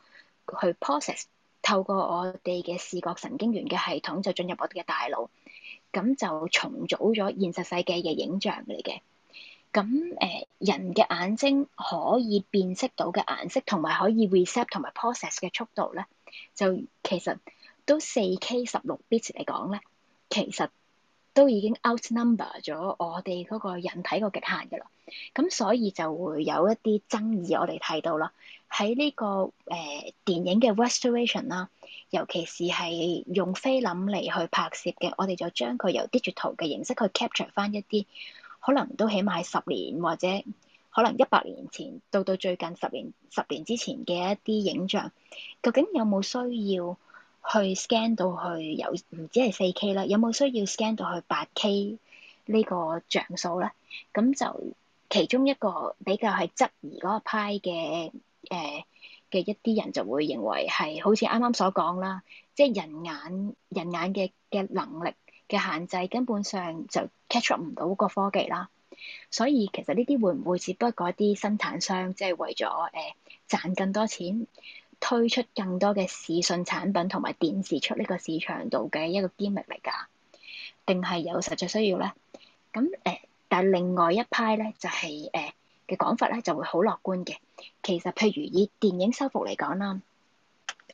佢 process，透過我哋嘅視覺神經元嘅系統就進入我哋嘅大腦，咁就重組咗現實世界嘅影像嚟嘅。咁誒，呃，人嘅眼睛可以辨識到嘅顏色，同埋可以 recept 同埋 process 嘅速度咧，就其實都四 K 十六 bit 嚟講咧，其實。都已經 outnumber 咗我哋嗰個人體個極限嘅啦，咁所以就會有一啲爭議，我，我哋睇到啦。喺呢個誒電影嘅 restoration 啦，尤其是係用菲林嚟去拍攝嘅，我哋就將佢由 digital 嘅形式去 capture 翻一啲，可能都起碼係十年或者可能一百年前到到最近十年、十年之前嘅一啲影像，究竟有冇需要？去 scan 到去有唔止係四 K 啦，有冇需要 scan 到去八 K 呢個像素咧？咁就其中一個比較係質疑嗰個派嘅誒嘅一啲人就會認為係好似啱啱所講啦，即係人眼人眼嘅嘅能力嘅限制根本上就 catch up 唔到個科技啦。所以其實呢啲會唔會只不過嗰啲生產商即係為咗誒賺更多錢，推出更多嘅視訊產品同埋電視出呢個市場度嘅一個 gimmick 嚟㗎，定係有實際需要咧？咁誒、呃，但係另外一派咧就係誒嘅講法咧就會好樂觀嘅。其實譬如以電影修復嚟講啦，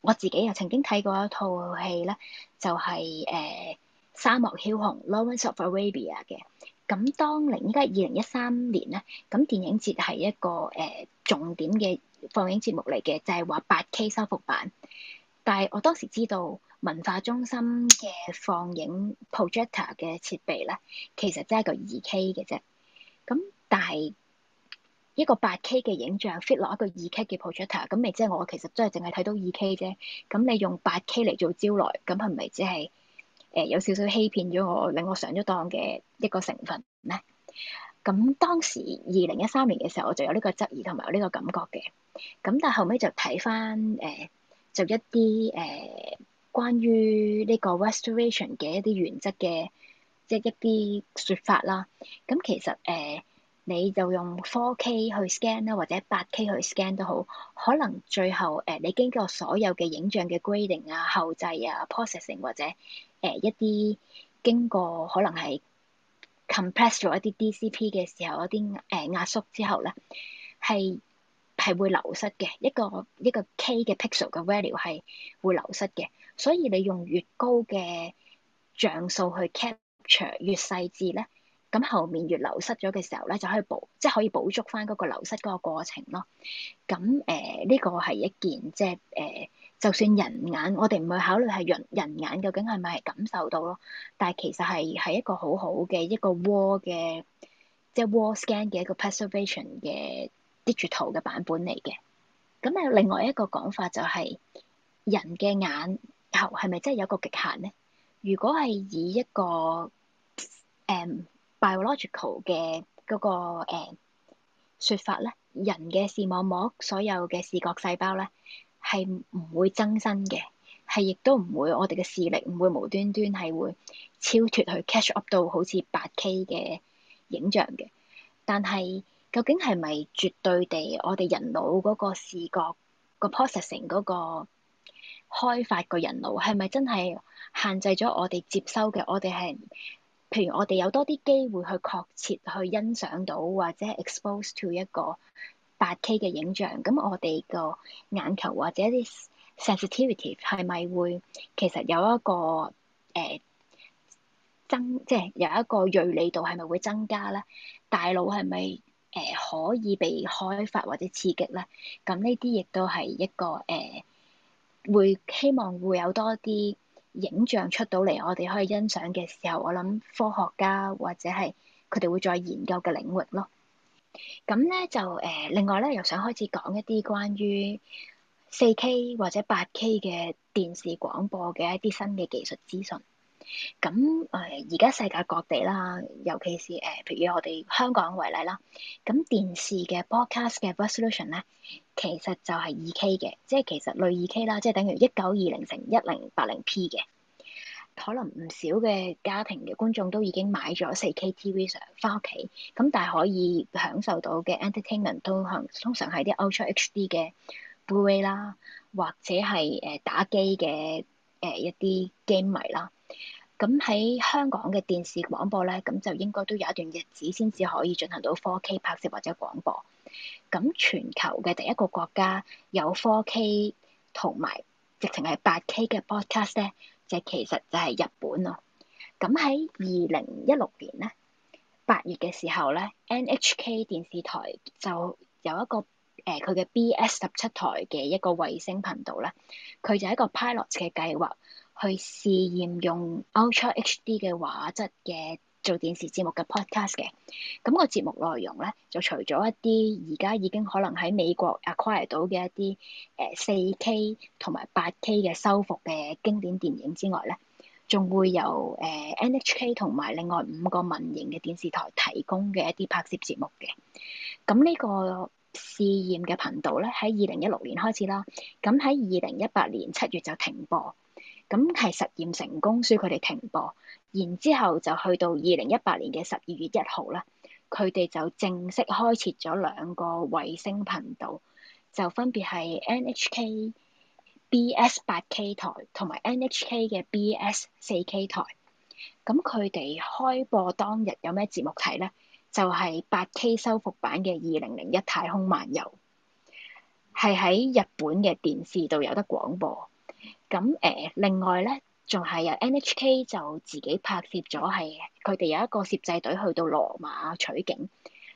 我自己又曾經睇過一套戲咧，就係、是、誒、呃《沙漠梟雄》《Lawrence of Arabia》嘅。咁當年應該係二零一三年咧，咁電影節係一個誒、呃、重點嘅放映節目嚟嘅就係話八 K 修復版，但係我當時知道文化中心嘅放映 projector 嘅設備咧，其實真係個二 K 嘅啫。咁但係一個八 K 嘅影像 fit 落一個二 K 嘅 projector，咁咪即係我其實真係淨係睇到二 K 啫。咁你用八 K 嚟做招來，咁係咪係只係、呃、有少少欺騙咗我，令我上咗當嘅一個成分咧？咁當時二零一三年嘅時候，我就有呢個質疑同埋有呢個感覺嘅。咁但後尾就睇翻誒，就一啲誒、呃、關於呢個 restoration 嘅一啲原則嘅，即、就是、一啲說法啦。咁、嗯、其實誒、呃，你就用 four K 去 scan 啦，或者八 K 去 scan 都好，可能最後誒、呃、你經過所有嘅影像嘅 grading 啊、後製啊、processing 或者誒、呃、一啲經過可能係 compress 咗一啲 DCP 嘅時候一啲誒、呃、壓縮之後咧，係。係會流失嘅，一個一個 K 嘅 pixel 嘅 value 係會流失嘅，所以你用越高嘅像素去 capture 越細緻咧，咁後面越流失咗嘅時候咧，就可以補即係可以補足翻嗰個流失嗰個過程咯。咁誒呢個係一件即係誒、呃，就算人眼我哋唔去考慮係人人眼究竟係咪感受到咯，但係其實係係一個好好嘅一個 war 嘅，即係 war scan 嘅一個 preservation 嘅。Digital 嘅版本嚟嘅，咁啊，另外一個講法就係、是、人嘅眼球係咪真係有個極限咧？如果係以一個誒、嗯、biological 嘅嗰、那個誒説、嗯、法咧，人嘅視網膜所有嘅視覺細胞咧係唔會增生嘅，係亦都唔會我哋嘅視力唔會無端端係會超脱去 catch up 到好似八 K 嘅影像嘅，但係。究竟係咪絕對地，我哋人腦嗰個視覺、嗰個 processing 嗰個開發個人腦係咪真係限制咗我哋接收嘅？我哋係譬如我哋有多啲機會去確切去欣賞到或者 expose to 一個八 K 嘅影像，咁我哋個眼球或者啲 sensitivity 係咪會其實有一個誒、呃、增，即係有一個鋭利度係咪會增加咧？大腦係咪？誒、呃、可以被開發或者刺激咧，咁呢啲亦都係一個誒、呃，會希望會有多啲影像出到嚟，我哋可以欣賞嘅時候，我諗科學家或者係佢哋會再研究嘅領域咯。咁咧就誒、呃，另外咧又想開始講一啲關於四 K 或者八 K 嘅電視廣播嘅一啲新嘅技術資訊。咁誒而家世界各地啦，尤其是誒、呃、譬如我哋香港為例啦，咁電視嘅 broadcast 嘅 resolution 咧，其實就係 2K 嘅，即係其實類 2K 啦，即係等於一九二零乘一零八零 P 嘅。可能唔少嘅家庭嘅觀眾都已經買咗 4K TV 上翻屋企，咁但係可以享受到嘅 entertainment 都可能通常係啲 Ultra HD 嘅 movie 啦，或者係誒、呃、打機嘅誒一啲 game 迷啦。咁喺香港嘅電視廣播咧，咁就應該都有一段日子先至可以進行到 4K 拍攝或者廣播。咁全球嘅第一個國家有 4K 同埋直情係八 K 嘅 broadcast 咧，就其實就係日本咯。咁喺二零一六年咧，八月嘅時候咧，NHK 電視台就有一個誒佢嘅 BS 十七台嘅一個衛星頻道咧，佢就係一個 pilot 嘅計劃。去試驗用 Ultra HD 嘅畫質嘅做電視節目嘅 Podcast 嘅，咁個節目內容咧，就除咗一啲而家已經可能喺美國 acquire 到嘅一啲誒四 K 同埋八 K 嘅修復嘅經典電影之外咧，仲會由誒 NHK 同埋另外五個民營嘅電視台提供嘅一啲拍攝節目嘅。咁呢個試驗嘅頻道咧，喺二零一六年開始啦，咁喺二零一八年七月就停播。咁係實驗成功，所以佢哋停播，然之後就去到二零一八年嘅十二月一號啦，佢哋就正式開設咗兩個衛星頻道，就分別係 NHK BS 八 K 台同埋 NHK 嘅 BS 四 K 台。咁佢哋開播當日有咩節目睇呢？就係、是、八 K 修復版嘅二零零一太空漫遊，係喺日本嘅電視度有得廣播。咁誒、呃，另外咧，仲係由 NHK 就自己拍攝咗，係佢哋有一個攝製隊去到羅馬取景，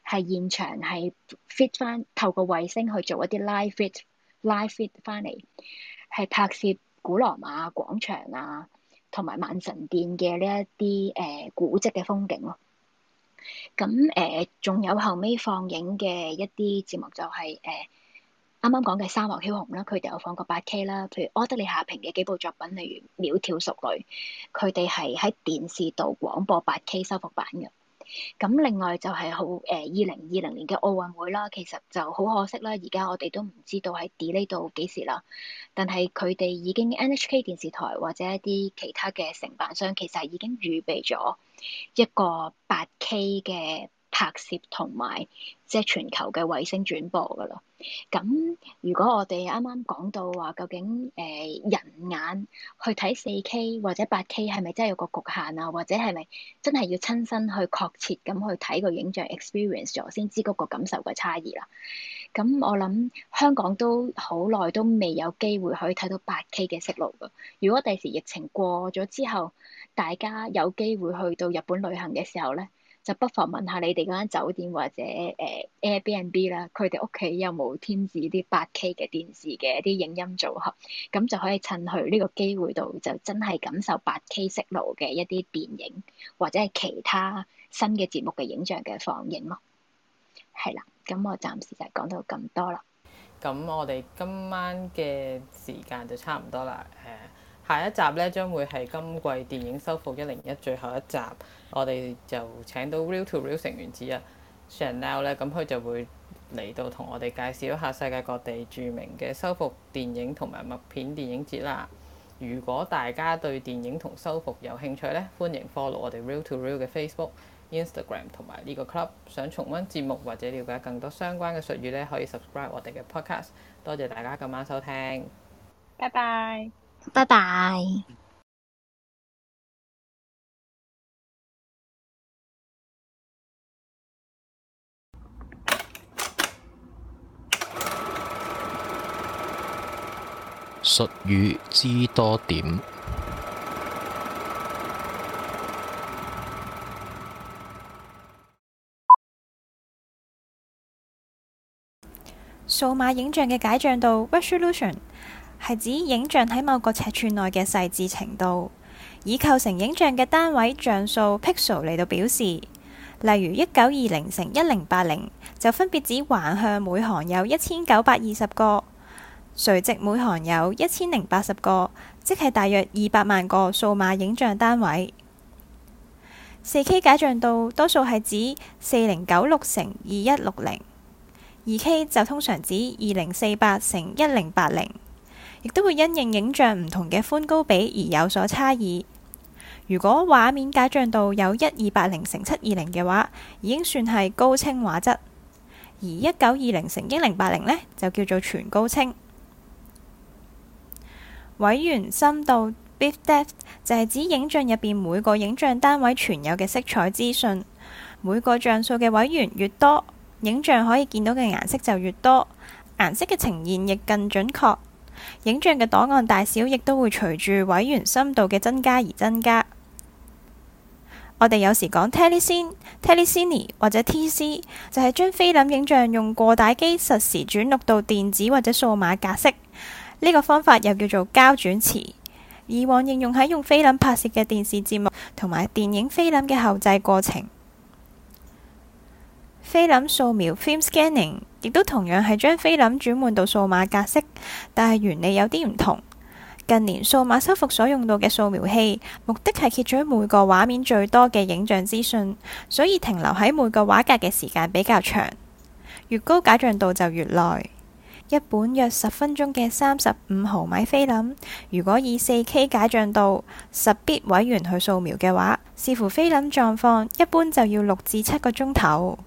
係現場係 feed 翻透過衛星去做一啲 live feed，live feed 翻嚟，係拍攝古羅馬廣場啊，同埋萬神殿嘅呢一啲誒、呃、古蹟嘅風景咯。咁誒，仲、呃、有後尾放映嘅一啲節目就係、是、誒。呃啱啱講嘅《沙漠梟雄》啦，佢哋有放過八 K 啦，譬如柯德莉夏萍嘅幾部作品，例如《窈窕淑女》，佢哋係喺電視度廣播八 K 修復版嘅。咁另外就係好誒，二零二零年嘅奧運會啦，其實就好可惜啦，而家我哋都唔知道喺 delay 到幾時啦。但係佢哋已經 NHK 電視台或者一啲其他嘅承辦商，其實已經預備咗一個八 K 嘅。拍攝同埋即係全球嘅衛星轉播噶啦。咁如果我哋啱啱講到話，究竟誒、呃、人眼去睇四 K 或者八 K 係咪真係有個局限啊？或者係咪真係要親身去確切咁去睇個影像 experience 咗先知嗰個感受嘅差異啦？咁我諗香港都好耐都未有機會可以睇到八 K 嘅色路㗎。如果第時疫情過咗之後，大家有機會去到日本旅行嘅時候咧？就不妨問下你哋嗰間酒店或者誒 Airbnb 啦，佢哋屋企有冇添置啲八 K 嘅電視嘅啲影音組合？咁就可以趁去呢個機會度，就真係感受八 K 色路嘅一啲電影或者係其他新嘅節目嘅影像嘅放映咯。係啦，咁我暫時就講到咁多啦。咁我哋今晚嘅時間就差唔多啦，嚇。下一集咧，將會係今季電影修復一零一最後一集。我哋就請到 Real to Real 成員之一 Shanel 咧，咁佢 Yeah. 就會嚟到同我哋介紹一下世界各地著名嘅修復電影同埋默片電影節啦。如果大家對電影同修復有興趣咧，歡迎 follow 我哋 Real to Real 嘅 Facebook、Instagram 同埋呢個 club。想重溫節目或者了解更多相關嘅術語咧，可以 subscribe 我哋嘅 podcast。多謝大家今晚收聽，拜拜。拜拜。術語知多點。數碼影像嘅解像度 （resolution）。係指影像喺某個尺寸內嘅細緻程度，以構成影像嘅單位像素 （pixel） 嚟到表示。例如一九二零乘一零八零就分別指橫向每行有一千九百二十個，垂直每行有一千零八十個，即係大約二百萬個數碼影像單位。四 K 解像度多數係指四零九六乘二一六零，二 K 就通常指二零四八乘一零八零。亦都會因應影像唔同嘅寬高比而有所差異。如果畫面解像度有一二八零乘七二零嘅話，已經算係高清畫質；而一九二零乘一零八零呢，就叫做全高清。位元深度 （bit depth） 就係指影像入邊每個影像單位存有嘅色彩資訊。每個像素嘅位元越多，影像可以見到嘅顏色就越多，顏色嘅呈現亦更準確。影像嘅檔案大小亦都會隨住位元深度嘅增加而增加。我哋有時講 Telecine、Telecine 或者 TC，就係將菲林影像用過帶機實時轉錄到電子或者數碼格式。呢個方法又叫做膠轉磁，以往應用喺用菲林拍攝嘅電視節目同埋電影菲林嘅後製過程。菲林掃描 （Film Scanning）。亦都同樣係將菲林轉換到數碼格式，但係原理有啲唔同。近年數碼修復所用到嘅掃描器，目的係揭取每個畫面最多嘅影像資訊，所以停留喺每個畫格嘅時間比較長。越高解像度就越耐。一本約十分鐘嘅三十五毫米菲林，如果以四 K 解像度、十 bit 位元去掃描嘅話，視乎菲林狀況，一般就要六至七個鐘頭。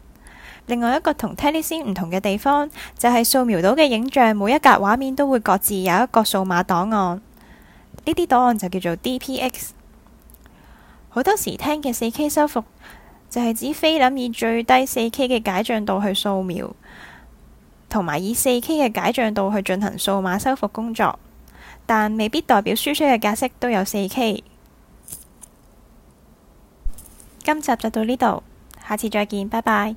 另外一個 Te 同 Telecine 唔同嘅地方，就係、是、掃描到嘅影像，每一格畫面都會各自有一個數碼檔案。呢啲檔案就叫做 DPX。好多時聽嘅四 K 修復，就係、是、指菲林以最低四 K 嘅解像度去掃描，同埋以四 K 嘅解像度去進行數碼修復工作，但未必代表輸出嘅格式都有四 K。今集就到呢度，下次再見，拜拜。